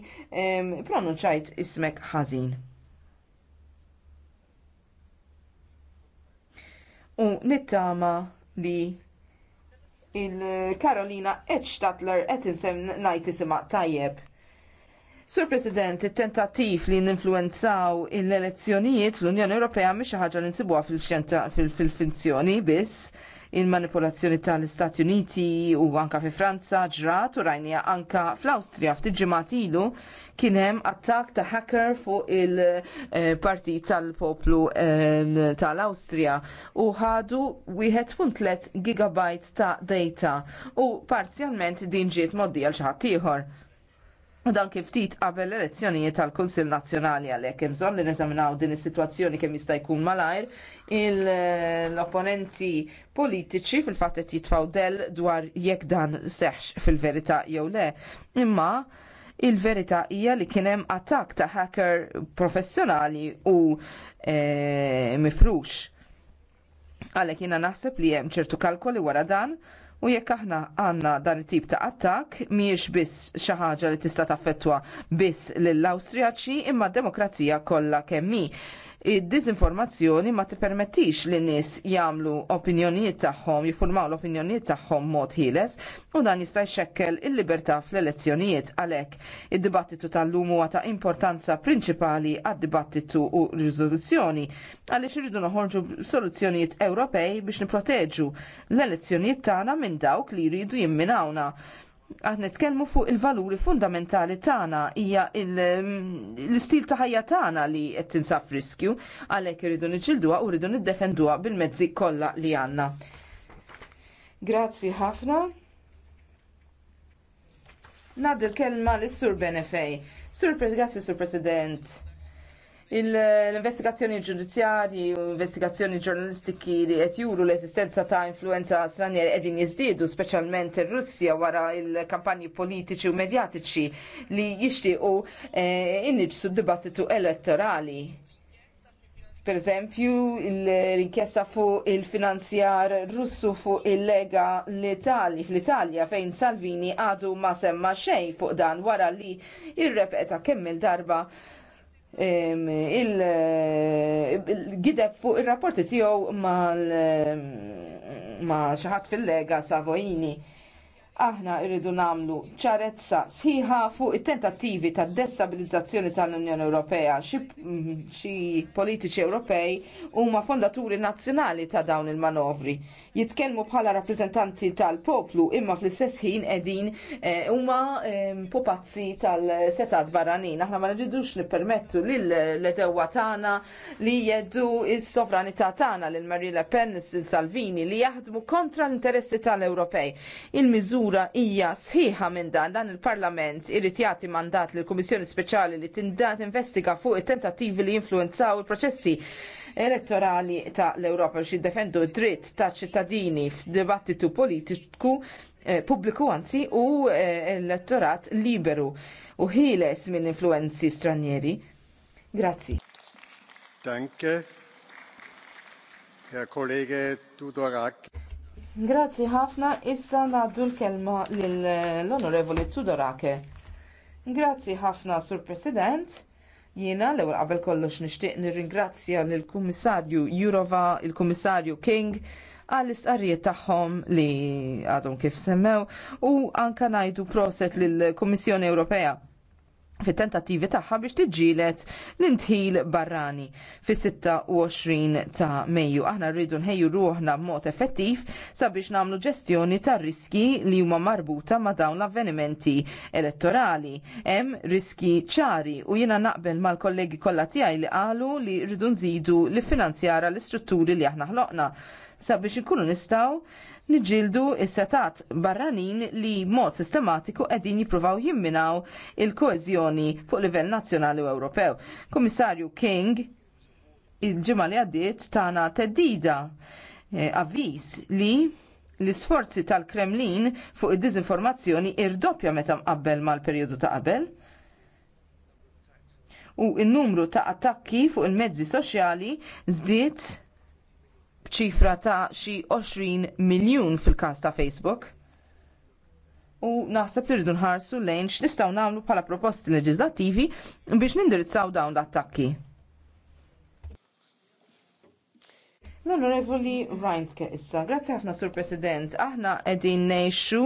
pronunċajt ismek ħażin. u nittama li il-Karolina Edgestatler qed insem ngħid isimha tajjeb. Sur President, it-tentattiv li ninfluenzaw l-elezzjonijiet l-Unjoni Ewropea mhix xi ħaġa li nsibuha fil-finzjoni biss, il-manipolazzjoni tal-Istati Uniti u anka fi Franza ġrat u rajnija anka fl-Austria ftit ġimgħat ilu kien hemm attak ta' hacker fuq il-partit eh, tal-poplu tal-Austria u ħadu 1.3 gigabyte ta' data u parzjalment din ġiet moddi għal xi ħadd ieħor U dan kif tit qabel l-elezzjonijiet tal-Kunsil Nazzjonali għalhekk hemm bżonn li neżaminaw din is-sitwazzjoni kemm jista' jkun malajr l-opponenti politiċi fil-fatt qed jitfgħu del dwar jekk dan seħx fil-verità jew le. Imma il-verità hija li kien hemm attakk ta' hacker professjonali u e, mifrux. Għalhekk jiena naħseb li hemm ċertu kalkoli wara dan U jekk aħna għandna dan it-tip ta' attakk mhijiex biss xi ħaġa li tista' taffettwa biss lill-Awstrijaċi imma d-demokrazija kollha kemm hi id-dizinformazzjoni ma tippermettix li nies jagħmlu opinjonijiet tagħhom, jiffurmaw l-opinjonijiet tagħhom mod ħieles u dan jista' jxekkel il-libertà fl-elezzjonijiet għalhekk id-dibattitu tal-lum huwa ta' importanza prinċipali għad-dibattitu u riżoluzzjoni għaliex irridu noħorġu soluzzjonijiet Ewropej biex nipproteġu l-elezzjonijiet tagħna minn dawk li jridu jimminawna aħna nitkellmu fuq il-valuri fundamentali tagħna hija mm, l-istil ta' ħajja tagħna li qed tinsab riskju għalhekk irridu niġilduha u rridu niddefenduha bil-mezzi kollha li għandna. Grazzi ħafna. Nad il-kelma lis sur Benefej. Sur, grazzi, Sur President l-investigazzjoni ġudizzjarji u investigazzjoni ġurnalistiki li qed juru l-eżistenza ta' influenza stranjer qegħdin jiżdiedu speċjalment ir-Russja wara l-kampanji politiċi u medjatiċi li jixtiequ eh, inniġsu d-dibattitu elettorali. Per eżempju, l-inkjesta fuq il-finanzjar russu fuq il-lega l fl-Italja fejn Salvini għadu ma semma xejn fuq dan wara li ir-repeta kemm il-darba il-gideb fuq ir rapporti tiegħu mal ma xaħat fil-lega Savoini. Aħna rridu nagħmlu ċarezza sħiħa fuq it-tentattivi ta' destabilizzazzjoni tal-Unjoni Ewropea. Xi politiċi Ewropej huma fondaturi nazzjonali ta' dawn il-manovri. Jitkellmu bħala rappreżentanti tal-poplu imma fl-istess ħin qegħdin eh, huma ehm, pupazzi tal-setat barranin. Aħna ma nridux nippermettu lill-edewwa tagħna li jeddu is-sovranità tagħna lil Marie Le Pen, Salvini li jaħdmu kontra l-interessi tal-Ewropej. Il-miżur Allura hija sħiħa minn dan dan il-Parlament irid jagħti mandat lill kummissjoni Speċjali li tindat investiga fuq it-tentattivi li jinfluwenzaw il-proċessi elettorali ta' l-Ewropa biex jiddefendu d-dritt ta' ċittadini f'dibattitu politiku eh, pubbliku anzi u eh, elettorat liberu u ħieles minn influenzi stranieri. Grazzi. Danke. Herr Kollege Tudorak. Grazzi ħafna, issa naddu l-kelma l-Onorevoli Tudorake. Grazzi ħafna, Sur President. Jina, l-ewwel qabel kollox nixtieq nirringrazzja lill-Kummissarju Jurova, il-Kummissarju King, għall isqarrijiet tagħhom li għadhom kif semmew u anka ngħidu proset lill-Kummissjoni Ewropea fit-tentattivi tagħha biex tiġġielet l-intħil barrani fis-26 ta' Mejju. Aħna rridu nħejju ruħna b'mod effettiv sabiex nagħmlu ġestjoni tar riski li huma marbuta ma' dawn l-avvenimenti elettorali. Hemm riski ċari u jiena naqbel mal-kollegi kollha tiegħi li qalu li rridu nżidu li finanzjara l-istrutturi li aħna ħloqna sabiex ikunu nistgħu niġildu is-setat barranin li mod sistematiku qegħdin jippruvaw jimminaw il koezjoni fuq livell nazzjonali u Ewropew. Kummissarju King il-ġimgħa li għaddiet tagħna teddida eh, li l-isforzi tal-Kremlin fuq id-diżinformazzjoni irdoppja meta mqabbel mal-perjodu ta' qabel u n numru ta' attakki fuq il-mezzi soċjali żdiet b'ċifra ta' xi 20 miljun fil-każ ta' Facebook. U naħseb li rridu nħarsu lejn x'nistgħu nagħmlu bħala proposti leġislattivi biex nindirizzaw dawn l-attakki. L-Onorevoli Reinske issa, grazzi ħafna Sur President, aħna edin neħxu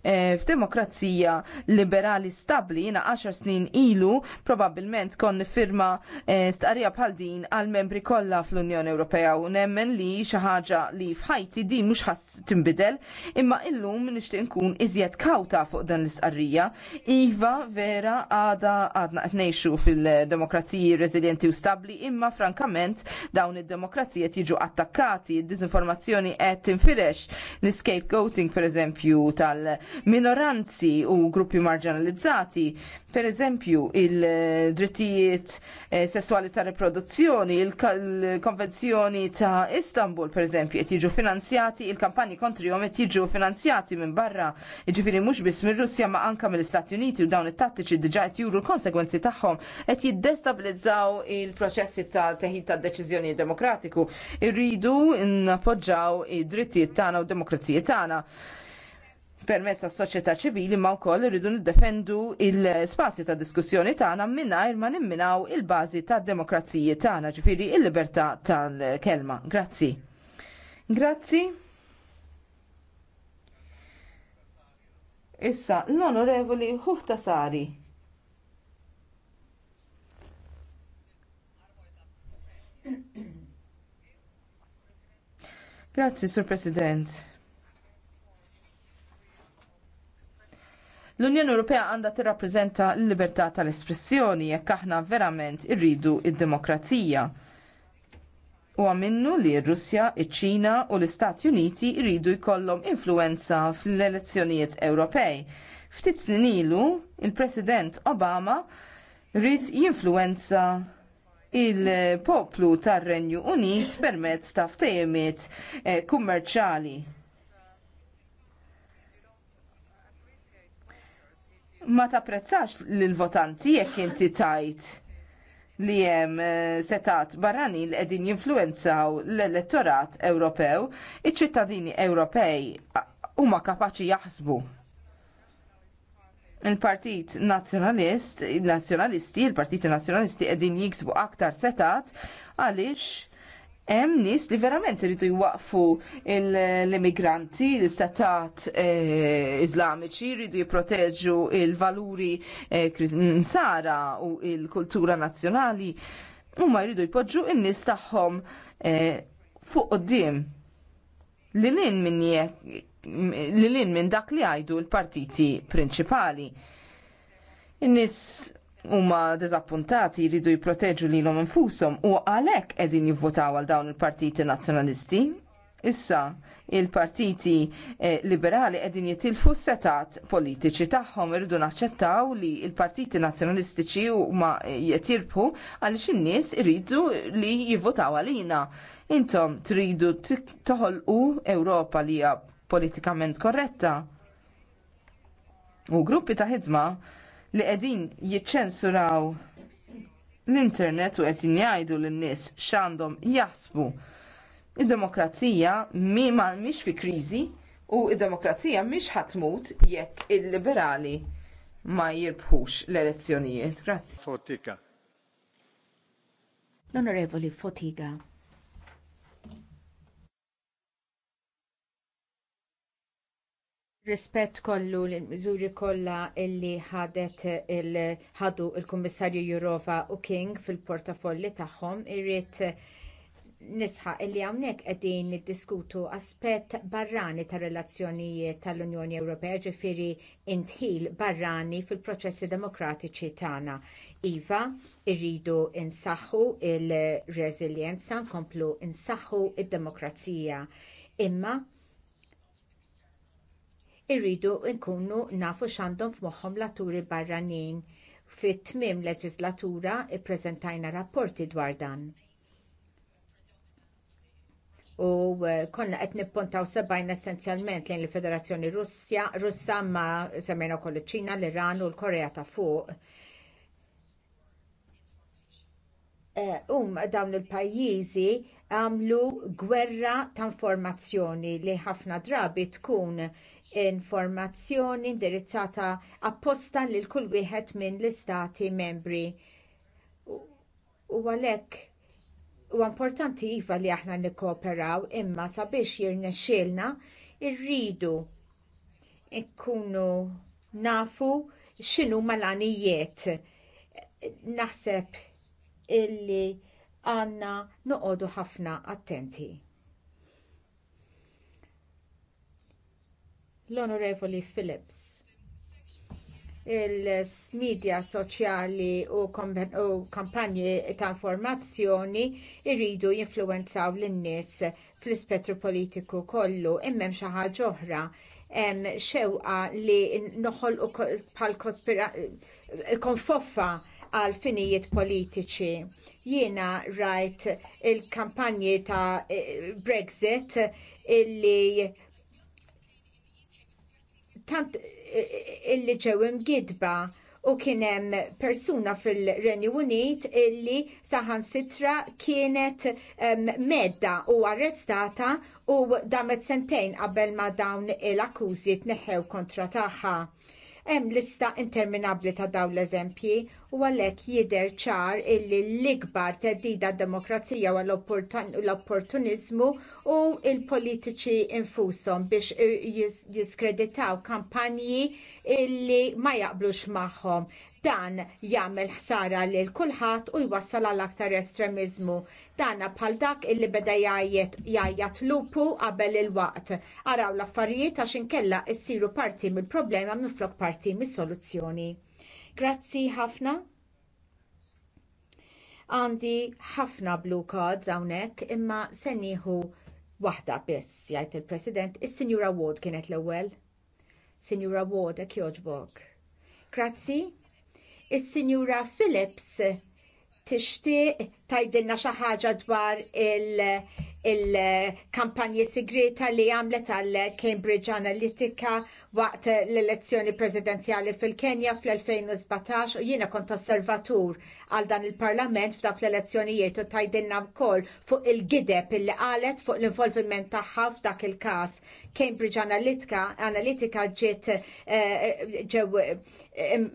eh, f'demokrazija liberali stabli jina 10 snin ilu, probabilment kon firma eh, starija bħal din għal membri kollha fl-Unjoni Ewropea u nemmen li xi ħaġa li f'ħajti din mhux ħass tinbidel, imma illum nixtieq nkun iżjed kawta fuq dan l-istqarrija. Iva vera għada għadna qed ngħixu fil-demokraziji reżiljenti u stabli, imma frankament dawn id-demokrazija jiġu għatta attakkati, id-dizinformazzjoni qed tinfirex l-scapegoating pereżempju tal-minoranzi u gruppi marginalizzati Per eżempju, il-drittijiet eh, sessuali ta' riproduzzjoni, il-konvenzjoni ta' Istanbul, per eżempju, qed jiġu finanzjati, il-kampanji kontrihom qed jiġu finanzjati minn barra, jiġifieri mhux biss mir-Russja ma anka mill-Istati Uniti u dawn it-tattiċi diġà qed juru l-konsegwenzi tagħhom qed jiddestabilizzaw il-proċessi ta' teħid ta' deċizjoni demokratiku. Irridu nappoġġaw id-drittijiet tagħna u demokrazijiet tagħna permezz tas soċjetà ċivili ma wkoll irridu niddefendu l-spazju ta' diskussjoni tagħna mingħajr ma nimminaw il-bażi tad-demokrazija tagħna, ġifieri l libertà tal-kelma. Grazzi. Grazzi. Issa, l-onorevoli Huhtasari. Grazzi, Sur President. L-Unjoni Ewropea għandha tirrappreżenta l-libertà tal-espressjoni jekk aħna verament irridu id-demokrazija. U għaminnu li r-Russja, iċ-Ċina u l-Istati Uniti jridu jkollhom influwenza fl-elezzjonijiet Ewropej. Ftit snin ilu, il-President Obama rrid jinfluwenza il-poplu tar-Renju Unit permezz ta' ftehimiet eh, kummerċali. ma tapprezzax l-votanti jekk inti tajt li hemm eh, setat barrani li qegħdin jinfluenzaw l-elettorat Ewropew, iċ-ċittadini Ewropej huma kapaċi jaħsbu il-Partit Nazzjonalist, il-Nazzjonalisti, il-Partiti Nazzjonalisti qegħdin jiksbu aktar setat għaliex hemm nies li verament iridu jwaqfu l-immigranti, l-istatat eh, iżlamiċi jridu jipproteġu il-valuri nsara eh, mm, u l kultura nazzjonali u ma jridu jpoġġu n nies tagħhom eh, fuq qoddim. Lilin minn lilin minn dak li għajdu l-partiti prinċipali. In-nies huma deżappuntati jridu jipproteġu lilhom infushom u għalhekk qegħdin jivvotaw għal dawn il-partiti nazzjonalisti. Issa il-partiti eh, liberali qegħdin jitilfu setat politiċi tagħhom irridu naċċettaw li l partiti nazzjonalistiċi huma jitirbħu għaliex in-nies iridu li jivvotaw għalina. Intom tridu toħolqu Ewropa li hija politikament korretta. U gruppi ta' ħidma li qegħdin jiċċensuraw l-internet u qegħdin jgħidu lin-nies x'għandhom jasbu il demokrazija mi mhix fi kriżi u d demokrazija mhix ħatmut jekk il-liberali ma jirbħux l-elezzjonijiet. Grazie. Fotika. L-Onorevoli Fotiga. rispett kollu l-miżuri kollha illi ħadet il-ħadu il-Kummissarju Jurova u King fil-portafolli tagħhom irrid nisħa illi hawnhekk qegħdin niddiskutu aspett barrani tar relazzjonijiet tal-Unjoni Ewropea ġifiri intħil barrani fil-proċessi demokratiċi tagħna. Iva, irridu insaħħu il-reżiljenza, nkomplu insaħħu id-demokrazija. Imma irridu nkunu nafu x'għandhom f'moħħhom l-atturi barranin. Fit-tmiem leġislatura ppreżentajna rapporti dwar dan. U eh, konna qed nippuntaw sebajn essenzjalment lejn il-Federazzjoni Russja, Russa ma semmejna wkoll iċ-Ċina, l-Iran u l-Korea ta' fuq. Eh, um dawn il-pajjiżi għamlu gwerra ta' informazzjoni li ħafna drabi tkun informazzjoni indirizzata apposta lil kull wieħed minn l-istati membri. U għalhekk huwa importanti iva li aħna nikkooperaw imma sabiex jirnexxielna rridu nkunu nafu x'inhu mal-għanijiet. Naħseb illi għandna noqogħdu ħafna attenti. l-Onorevoli Phillips il-medja soċjali u, kampanji ta' informazzjoni jridu jinfluwenzaw lin-nies fl-ispettru politiku kollu imma xi ħaġa oħra hemm xewqa li noħolqu bħal konfoffa għal finijiet politiċi. Jiena rajt il-kampanji ta' Brexit illi tant illi ġew imgidba u kien hemm persuna fil-Renju Unit illi saħansitra kienet medda u arrestata u damet sentejn qabel ma dawn l-akkużi tneħħew kontra tagħha Hemm lista interminabbli ta' dawn l-eżempji u għalhekk jidher ċar illi l-ikbar theddida d-demokrazija u l-opportuniżmu u l-politiċi infushom biex jiskreditaw kampanji illi ma jaqblux magħhom Dan jagħmel ħsara lil kulħadd u jwassal għal aktar estremiżmu. Dana bħal dak illi beda jajjat lupu qabel il-waqt. Araw l-affarijiet għax inkella ssiru parti mill-problema minflok parti mis-soluzzjoni. Grazzi ħafna għandi ħafna blu kods hawnhekk imma se nieħu waħda biss jgħid il-President is-Sinjura Ward kienet l-ewwel. Sinjura Ward hekk jogħġbok. Grazzi, Is-Sinjura Phillips tixtieq tgħidilna xi ħaġa dwar il-kampanji il segreta li għamlet għal Cambridge Analytica waqt l-elezzjoni presidenzjali fil-Kenja fl-2017 u jiena kont osservatur għal dan il-parlament f'dak l-elezzjonijiet u tgħidilna wkoll fuq il-gideb illi qalet fuq l-involviment tagħha f'dak il-każ. Cambridge Analytica, Analytica ġiet eh, ġew eh,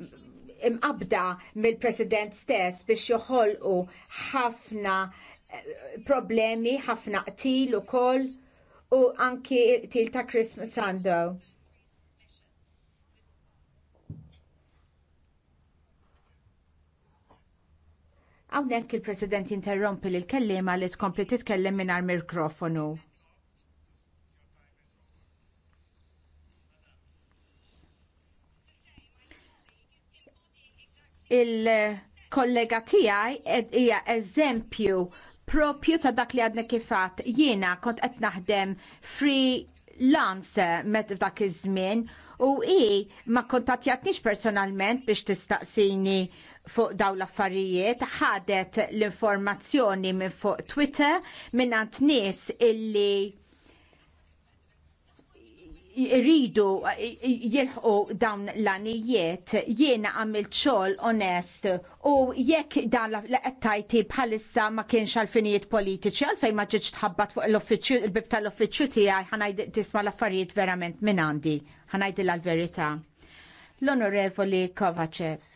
imqabda mill-President stess biex joħolqu ħafna eh, problemi, ħafna qtil ukoll u anki qtil ta' Christmas Sando. Hawnhekk il-President jinterrompi lill kelliema li tkompli titkellem mingħajr mikrofonu. il-kollega tiegħi hija eżempju propju ta' dak li għadna kifat jiena kont qed naħdem free lance met f'dak iż-żmien u hi ma kontattjatnix personalment biex tistaqsini fuq dawn l-affarijiet ħadet l-informazzjoni minn fuq Twitter minn nies illi irridu jilħu dawn l-anijiet jiena għamilt xogħol onest u jekk dan l-qettajti bħalissa ma kienx għalfinijiet politiċi għalfejn ma ġietx tħabbat fuq l-uffiċċju il-bib tal-uffiċċju tiegħi ħanajd tisma' l-affarijiet verament minn għandi ħanajdilha l-verità. L-Onorevoli Kovacev.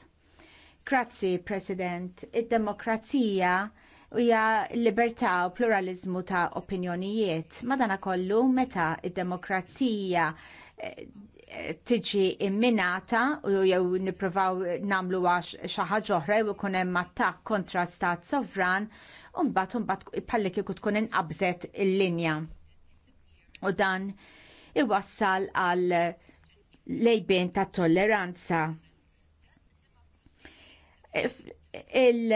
Grazzi, President. Id-demokrazija u hija libertà u pluralizmu ta' opinjonijiet. Madana kollu meta id-demokrazija eh, eh, tiġi imminata u jew nippruvaw namlu għax xaħġa oħra u kunem matta kontra stat sovran, u mbagħad palli kieku tkun inqabżet il-linja. U dan iwassal għal lejbien ta' tolleranza il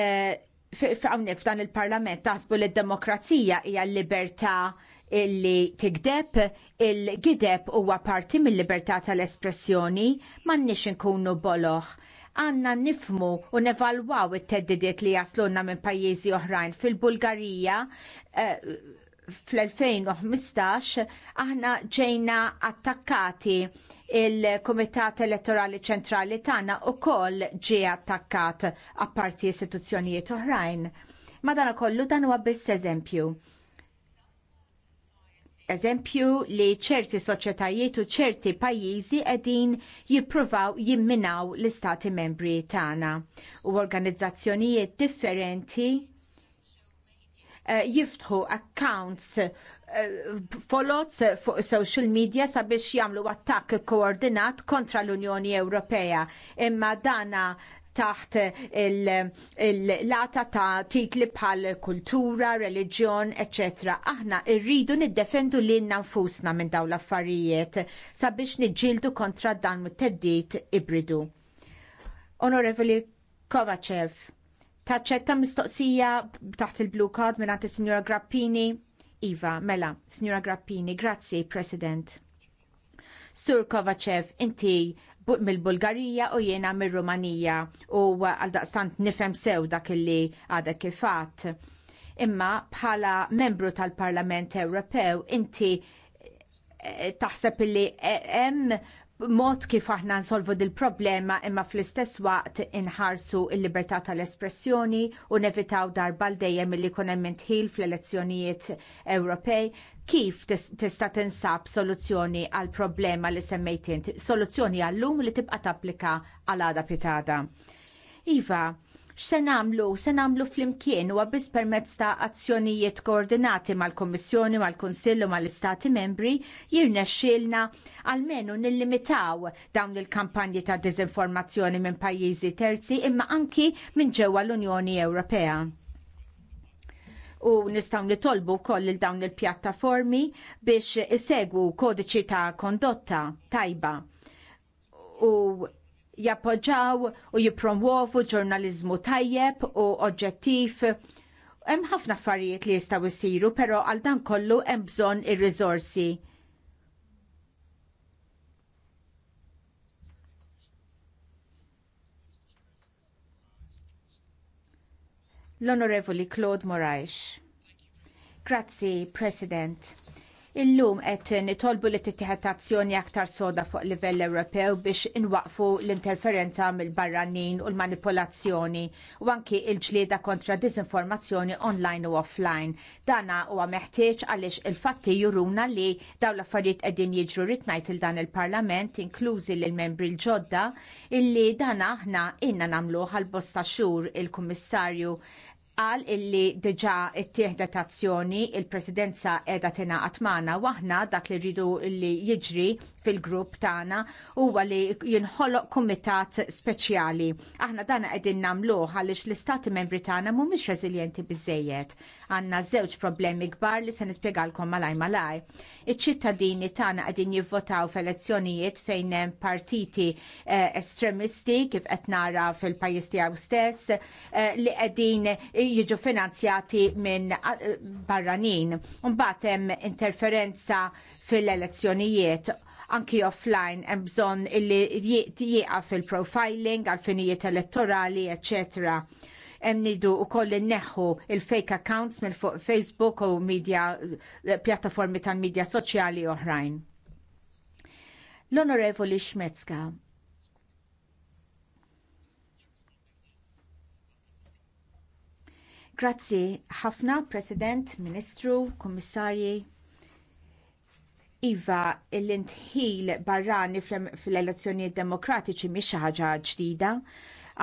f'għawnek f'dan il-Parlament taħsbu li d-demokrazija hija l-libertà illi tigdeb il-gideb huwa parti mill-libertà tal-espressjoni m'għandniex inkunu boloħ għanna nifmu u nevalwaw it-teddidiet li jaslunna minn pajjiżi oħrajn fil-Bulgarija uh, fl-2015 aħna ġejna attakkati il-Komitat Elettorali Ċentrali tagħna koll ġie attakkat apparti istituzzjonijiet oħrajn. Madana kollu dan huwa biss eżempju. Eżempju li ċerti soċjetajiet u ċerti pajjiżi qegħdin jippruvaw jimminaw l-istati membri tagħna u organizzazzjonijiet differenti Eh, jiftħu accounts eh, folots fuq social media sabiex jagħmlu attakk koordinat kontra l-Unjoni Ewropea. Imma dana taħt il-lata ta' titli bħal kultura, reliġjon, etc. Aħna rridu niddefendu lilna nfusna minn dawn l-affarijiet sabiex niġġieldu kontra dan mit teddit ibridu. Onorevoli Kovacev. Taċċetta mistoqsija taħt il-blue card minn għanti Signora Grappini. Iva, mela, Signora Grappini, grazzi, President. Sur Kovacev, inti mill-Bulgarija u jiena mill-Rumanija u għaldaqstant nifhem sew dak illi għadek kifat. Imma bħala membru tal-Parlament Ewropew inti eh, taħseb illi hemm eh, mod kif aħna nsolvu dil problema imma fl-istess waqt inħarsu l libertà tal-espressjoni u nevitaw darba baldejjem dejjem li hemm intħil fl-elezzjonijiet Ewropej kif tista tinsab soluzzjoni għall problema li semmejtint, soluzzjoni għallum li tibqa tapplika għal għada pitada. Iva, X'se nagħmlu? Se nagħmlu flimkien huwa biss permezz ta' azzjonijiet koordinati mal-Kummissjoni, mal-Kunsill u mal-Istati membri għalmenu nil nillimitaw dawn il-kampanji ta' diżinformazzjoni minn pajjiżi terzi imma anki minn ġewwa l-Unjoni Ewropea u nistaw nitolbu koll il-dawn il-pjattaformi biex isegwu kodiċi ta' kondotta tajba u jappoġġaw u jipromuovu ġurnaliżmu tajjeb u oġġettiv. Hemm ħafna affarijiet li jistgħu jsiru, però għal dan kollu hemm bżonn ir-riżorsi. L-Onorevoli Claude Moraes. Grazzi, President. Illum qed nitolbu li tittieħed azzjoni aktar soda fuq livell Ewropew biex inwaqfu l-interferenza mill-barranin u l-manipolazzjoni u anki l-ġlieda kontra disinformazzjoni online u offline. Dana huwa meħtieġ għaliex il-fatti juruna li dawn l-affarijiet qegħdin jiġru ritnajt il dan il-Parlament inklużi lil membri l-ġodda illi dana aħna inna namlu għal bosta xhur il-Kummissarju qal illi diġà ttieħdet azzjoni il-presidenza qiegħda tingħaqad magħna u aħna dak li rridu li jiġri fil-grupp tagħna huwa li jinħoloq kumitat speċjali. Aħna dana qegħdin namlu għaliex l-istati membri tagħna mhumiex rezilienti bizzejiet. Għanna żewġ problemi kbar li se nispjegalkom malaj malaj. Iċ-ċittadini tagħna qegħdin jivvotaw f'elezzjonijiet fejn hemm partiti eh, estremisti kif qed nara fil-pajjiż tiegħu stess eh, li qegħdin jiġu finanzjati minn eh, barranin. Mbagħad hemm interferenza fil-elezzjonijiet anki offline hemm bżonn illi jieqa fil-profiling għal-finijiet elettorali, eccetera. Hemm nidu wkoll inneħħu il-fake accounts mill fuq Facebook u media eh, pjattaformi tal-medja soċjali oħrajn. L-Onorevoli Schmetzka, Grazzi ħafna, President, Ministru, Kommissarji. Iva, l-intħil barrani fil-elezzjonijiet demokratiċi miex xi ħaġa ġdida.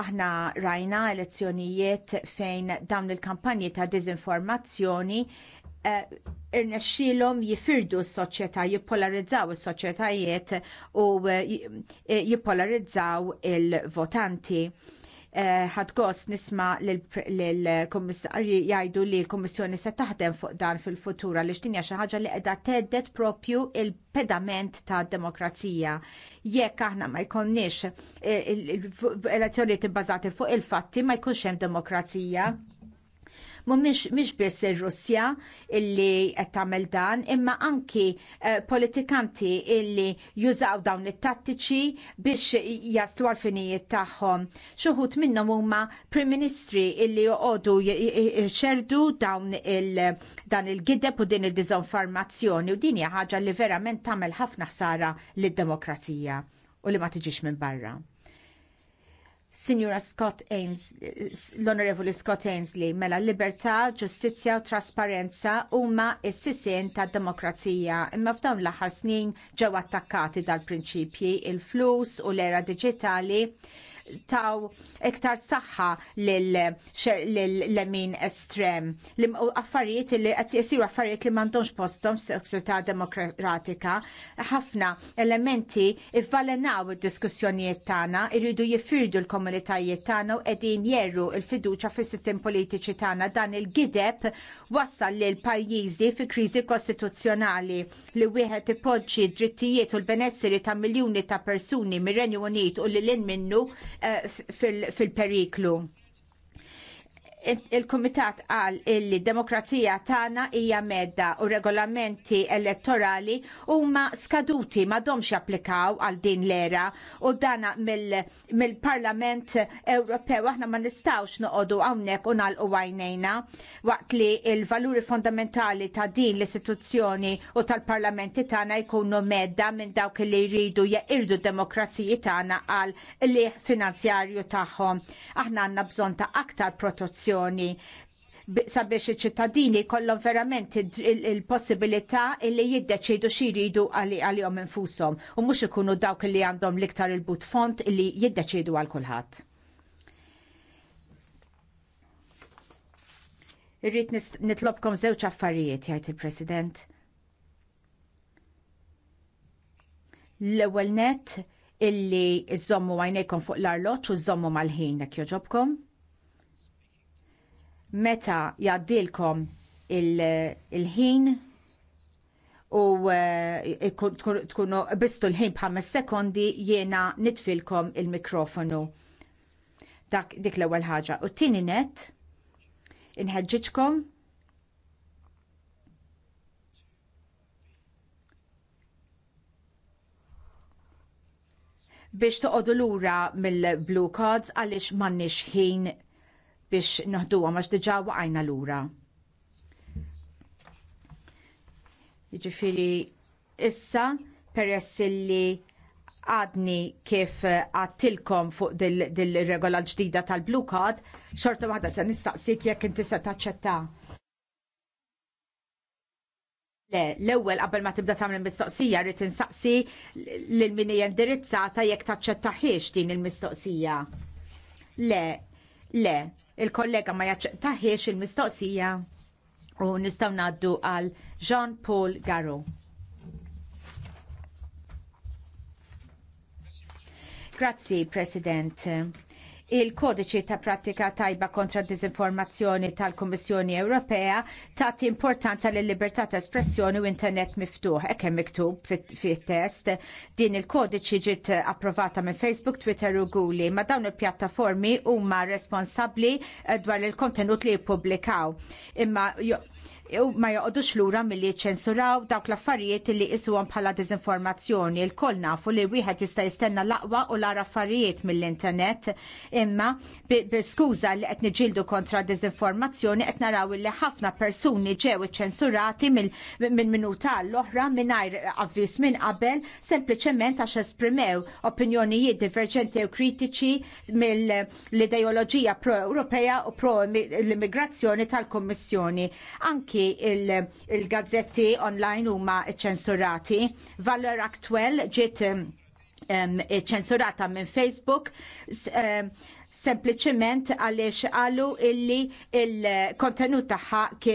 Aħna rajna elezzjonijiet fejn dawn il-kampanji ta' dizinformazzjoni eh, irnexxilhom jifirdu s-soċjetà, jippolarizzaw is-soċjetajiet u eh, jippolarizzaw il-votanti. Eh, ħadgost nisma l-Kommissarji jgħidu li l-Kommissjoni se taħdem fuq dan fil-futura li xtinja xi ħaġa li qiegħda teddet propju il-pedament ta' demokrazija. Jekk aħna ma jkollniex eh, elezzjoni tibbażati fuq il-fatti ma jkunx hemm demokrazija mhumiex mhix biss ir-Russja illi qed tagħmel dan, imma anki eh, politikanti illi jużaw dawn it-tattiċi biex jaslu għal-finijiet tagħhom. Xuħut minnhom huma Prim Ministri illi joqogħdu xerdu dawn il dan il-gideb u din il dizonformazzjoni u din hija ħaġa li verament tagħmel ħafna ħsara lid-demokrazija u li ma tiġix minn barra. Signora Scott Ains, l-Onorevoli Scott Ainsley, mela libertà, ġustizzja u trasparenza huma s-sisien tad demokrazija. Imma f'dawn l-aħħar snin ġew attakkati dal-prinċipji il-flus u l-era diġitali taw iktar saħħa l-lemin estrem. Affarijiet li qed jisiru affarijiet li m'għandhomx posthom f'soċjetà demokratika. Ħafna elementi ivvalenaw id-diskussjonijiet tagħna, irridu jifirdu l-komunitajiet tagħna u qegħdin jerru l-fiduċja fis-sistem politiċi tagħna dan il-gideb wassal lil pajjiżi fi kriżi kostituzzjonali li wieħed ipoġġi d-drittijiet u l benessiri ta' miljuni ta' persuni mir-Renju Unit u lil minnu Eh, fil-periklu il-Kumitat qal illi demokrazija tagħna hija medda u regolamenti elettorali huma skaduti domx japplikaw għal din l-era u dana mill-Parlament Ewropew aħna ma nistgħux noqogħdu hawnhekk u nagħlqu għajnejna waqt li l-valuri fondamentali ta' din l-istituzzjoni u tal-parlamenti tagħna jkunu medda minn dawk li jridu jeqirdu demokrazija tagħna għal li finanzjarju tagħhom. Aħna għandna bżonn ta' aktar protezzjoni leġislazzjoni sabiex iċ-ċittadini kollom verament il-possibilità li jiddeċidu xi jridu għalihom infushom u mhux ikunu dawk li għandhom l-iktar il-but font li jiddeċidu għal kulħadd. Irrid nitlobkom żewġ affarijiet jgħid il-President. L-ewwel net illi zommu għajnejkom fuq l arloċ u zommu mal-ħin jekk joġobkom meta jaddilkom il-ħin u eh, tkunu bistu l-ħin bħames sekondi jiena nitfilkom il-mikrofonu. Dak dik l-ewwel ħaġa. U t-tieni net inħedġiċkom. biex toqodu lura mill-Blue Cards għaliex m'għandniex ħin biex noħduwa għax diġà waqajna lura. Jiġifieri issa peress li għadni kif għattilkom fuq dil-regola dil regola l tal-Blue Card, xorta waħda se nistaqsik jekk inti se taċċetta. Le, l-ewwel qabel ma tibda tagħmel mistoqsija rrid insaqsi lil min hija indirizzata jekk ħiex din il-mistoqsija. Le, le, il-kollega ma jaċċettaħiex il-mistoqsija u nistgħu naddu għal Jean-Paul Garo. Grazzi, President. Il-kodiċi ta' pratika tajba kontra d dizinformazzjoni tal-Kummissjoni Ewropea tagħti importanza lil libertà ta' espressjoni u internet miftuħ hekk hemm miktub fit-test. Din il-kodiċi ġiet approvata minn Facebook, Twitter u Google, ma dawn il-pjattaformi huma responsabbli eh, dwar il-kontenut li jippubblikaw. Imma u ma joqodux lura milli ċensuraw dawk l-affarijiet li isuhom bħala diżinformazzjoni. Il-koll nafu li wieħed jista' jistenna l-aqwa u lara affarijiet mill-internet imma b'skuża li qed niġildu kontra diżinformazzjoni qed naraw li ħafna persuni ġew iċċensurati minn minuta l-oħra mingħajr avviż minn qabel sempliċement għax esprimew opinjonijiet diverġenti u kritiċi mill-ideoloġija pro-Ewropea u pro-immigrazzjoni tal-Kommissjoni. Anki anki il-gazzetti il online huma ċensurati. Valor Actuel ġiet ċensurata um, minn Facebook um, sempliciment għaliex qalu illi il-kontenut taħħa